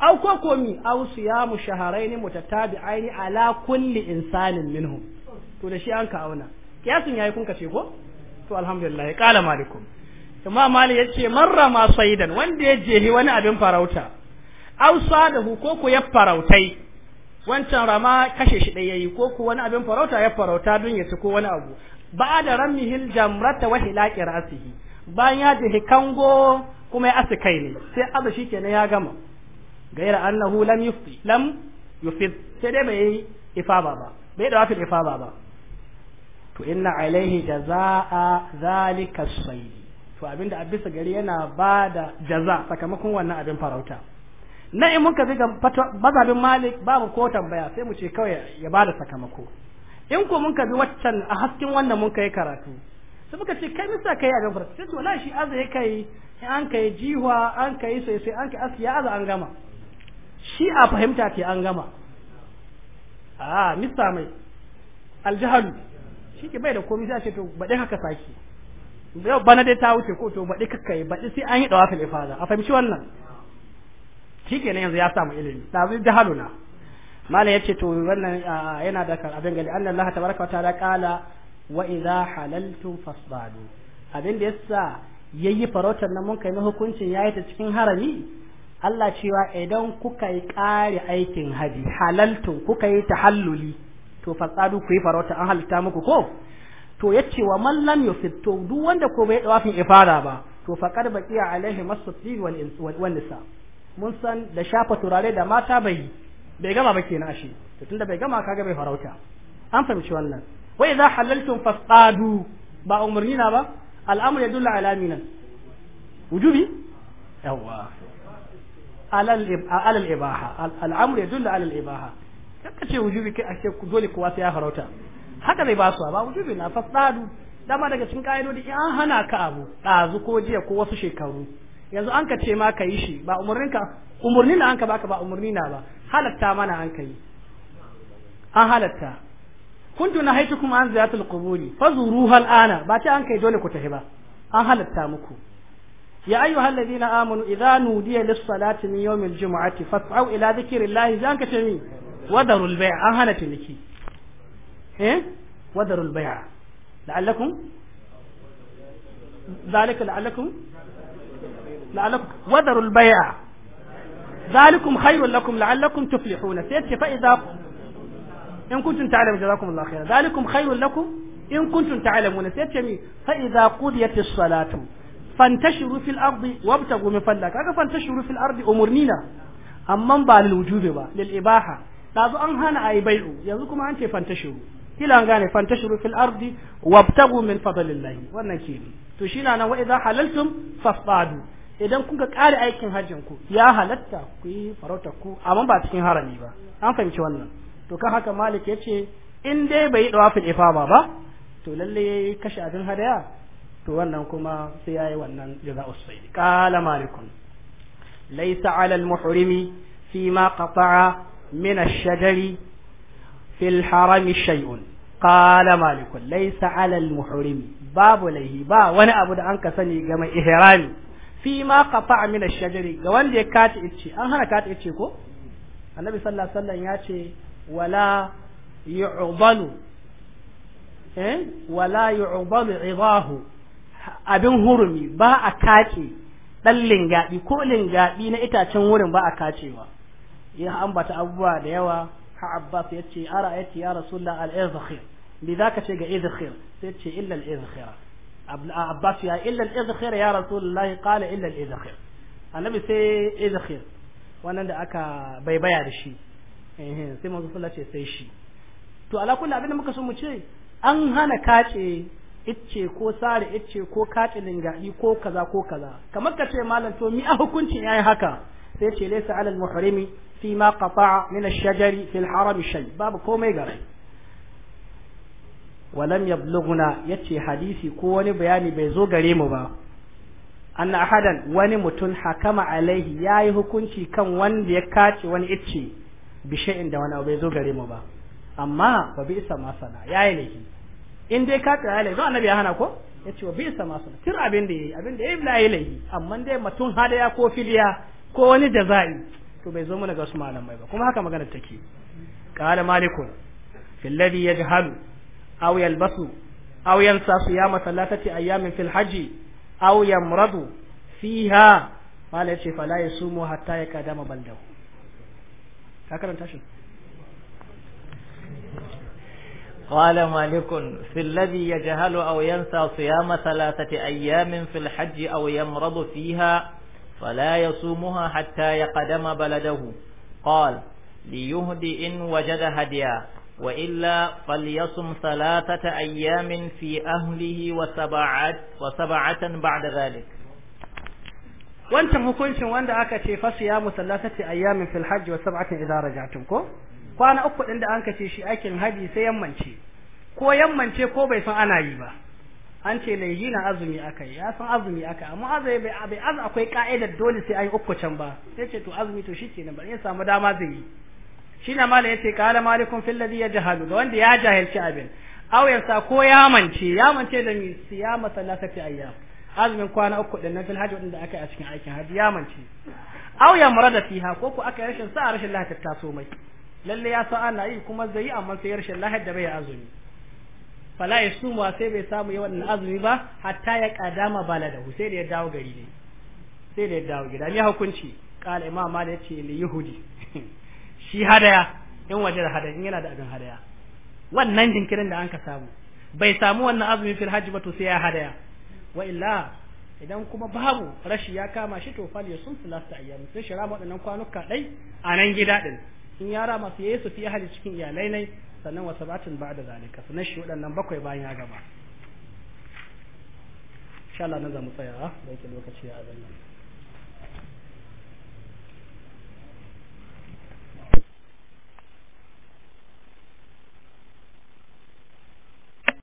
aw ko komi aw siyamu shahrayn mutatabi'ain ala kulli insanin minhum to da shi an ka auna kiyasin yayi kun kace ko to alhamdulillah qala malikum imam mali ya ce marra ma saidan wanda ya jehi wani abin farauta ausa da hu ko ya farautai wancan rama kashe shi ɗaya yayi ko ku wani abin farauta ya farauta don ya ci ko wani abu ba da ramihil jamrata wa hilaqi ra'sihi bayan ya jehi kango kuma ya asu kai ne sai azu shikenan ya gama gaira annahu lam yufti lam yufid sai dai bai ifaba ba bai da wafin ifaba ba to inna alaihi jazaa zalika sayyid to abin da abisa gari yana ba da jaza sakamakon wannan abin farauta na in muka ga mazhabin malik babu ko tambaya sai mu ce kawai ya ba da sakamako in ko muka bi waccan a hasken wannan mun kai karatu sai muka ce kai misa kai abin farauta sai to la shi azai kai an kai jiwa an kai sai sai an kai asiya aza an gama shi a fahimta ke an gama a ah, mista mai aljahalu shi ke bai da komai sai a ce to baɗin haka sake yau bana dai ta wuce ko to baɗi yi baɗi sai an yi ɗawafin ifada a fahimci wannan shi kenan yanzu ya samu ilimi zai da haluna malam ya ce to wannan yana da abin gani an Allah tabaraka wa ta'ala ƙala wa idza halaltum fasbadu abin da ya sa ya yi farautar nan mun kai na hukuncin ya yi ta cikin harami Allah cewa idan kuka yi ƙare aikin haji halaltun kuka yi ta tahalluli to fasadu ku yi farauta an halitta muku ko to yace wa man lam yufid to duk wanda ko bai dawafin ifada ba to faqad baqiya alaihi masfid wal ins wal nisa mun san da shafa turare da mata bai bai gama ba kenan shi, to tunda bai gama kaga bai farauta an fahimci wannan wa idza halaltum fasadu ba umurni na ba al'amru yadullu ala minan wujubi yawa alal alal ibaha al'amru yadullu ala al ibaha kaka ce wujubi kai ake dole kowa sai ya farauta haka zai ba su ba wujubi na fasadu dama daga cikin ka'idodi in an hana ka abu ɗazu ko jiya ko wasu shekaru yanzu an ka ce ma ka yi shi ba umurnin ka umurni na an ka baka ba umurni na ba halatta mana an ka yi an halatta kuntu na haitu kuma an ziyatul quburi fazuruha al'ana ba ce an kai dole ku tafi ba an halatta muku يا أيها الذين آمنوا إذا نودي للصلاة من يوم الجمعة فاسعوا إلى ذكر الله زانك تمي وذروا البيع أهنة لكي إيه؟ وذروا البيع لعلكم ذلك لعلكم لعلكم وذروا البيع ذلكم خير لكم لعلكم تفلحون سيأتي فإذا إن كنتم تعلمون جزاكم الله خيرا ذلكم خير لكم إن كنتم تعلمون سيأتي فإذا قضيت الصلاة فانتشروا في الأرض وابتغوا من فضلك هذا فانتشروا في الأرض أمرنينا أما بالوجوب للإباحة لازو أنهانا أي بيعوا يزوكم أنت فانتشروا kila gane fantashiru fil ardi wabtagu min fadlillahi wannan ke to shi na nan wa idza halaltum fasadu idan kuka kare aikin hajjin ku ya halatta ku yi farautar ku amma ba cikin harami ba an fahimci wannan to kan haka malik yace in dai bai yi dawafin ifama ba to lalle yayi kashi abin hadaya to wannan kuma sai yayi wannan jaza'us sayd qala malikun laysa 'ala al-muhrimi fi ma qata'a min ash-shajari في الحرم شيء قال مالك ليس على المحرم باب له با وانا da an ka sani game ihrami fi ma qata min ash-shajari ga wanda ya kati ice an hana kati ice ko annabi sallallahu alaihi ya ce wala yu'dalu eh wala yu'dalu idahu abin hurumi ba a kace dan lingaɗi ko lingaɗi na itacen wurin ba a kacewa ya ambata abubuwa da yawa ha abbas ya ce ara ya ce ya rasulullah al-izkhir me za ka ce ga izkhir sai ce illa al-izkhira abbas ya illa al-izkhir ya rasulullah qala illa al-izkhir annabi sai izkhir wannan da aka baibaya da shi eh sai manzo sallallahu ce sai shi to ala kullu abin da muka so mu ce an hana kace icce ko sare icce ko kace lingaɗi ko kaza ko kaza kamar ka ce malam to mi a hukuncin yayi haka sai ce laysa alal muhrimi فيما قطع من الشجر في الحرم شيء باب كومي غري ولم يبلغنا يتي حديثي كوني بياني بيزو غريمو با أن أحدا وني متن حكم عليه ياي هكونشي كم وان يكاتش وان إتشي بشيء دا وانا بيزو غريمو با أما وبئس ما صنع ياي لهي in dai ka tsaya lai don annabi ya hana ko ya ce wa bi isa masu tir abin da yayi abin da yayi la yayi lai amma dai matun hadaya ko filiya ko wani jaza'i to bai zo mana ga wasu malamai ba kuma haka magana take qala malikun fil ladhi yajhalu aw yalbasu aw yansa siyama salatati ayamin fil haji aw yamradu fiha qala yace la yasumu hatta yakadama baldahu ka karanta shi قال مالك في الذي يجهل أو ينسى صيام ثلاثة أيام في الحج أو يمرض فيها فلا يصومها حتى يقدم بلده قال ليهدي إن وجد هديا وإلا فليصم ثلاثة أيام في أهله وسبعة, وسبعة بعد ذلك wancan hukuncin wanda aka ce fa siyamu salatati ayyamin fil wa sab'atin idza raja'tum ko kwana uku din da an kace shi aikin haji sai yammance ko yammance ko bai san ana yi ba an ce yi na azumi aka yi ya san azumi aka amma azumi bai bai az akwai ka'idar dole sai ayi uku can ba sai ce to azumi to shi shikenan bari ya samu dama zai yi shi shine mala yace qala malikum fil ladhi yajhalu ga wanda ya jahilci abin aw yansa ko ya mance ya mance da mi siyama salasati ayyam azumin kwana uku din nan fil hajj din aka yi a cikin aikin hajji ya mance aw ya marada fiha ko ko aka yi rashin sa rashin lafiya ta taso mai lalle ya sa ana yi kuma zai yi amma sai rashin lafiya da bai azumi fala ya suma sai bai samu yawan azumi ba hatta ya kadama da sai da ya dawo gari ne sai da ya dawo gida ne hukunci kala imam malik yace li yahudi shi hadaya in waje da hadaya in yana da abin hadaya wannan jinkirin da an ka samu bai samu wannan azumi fil hajji ba to sai ya hadaya wa illa idan kuma babu rashi ya kama shi to fal yasum salasta ayyam sai shi rama waɗannan kwanuka dai a nan gida din in yara masu yayi su fi ahli cikin iyalai ne sannan wa sab'atin ba'da zalika sannan shi waɗannan bakwai bayan ya gaba insha Allah nan za mu tsaya ah, da yake lokaci a zannan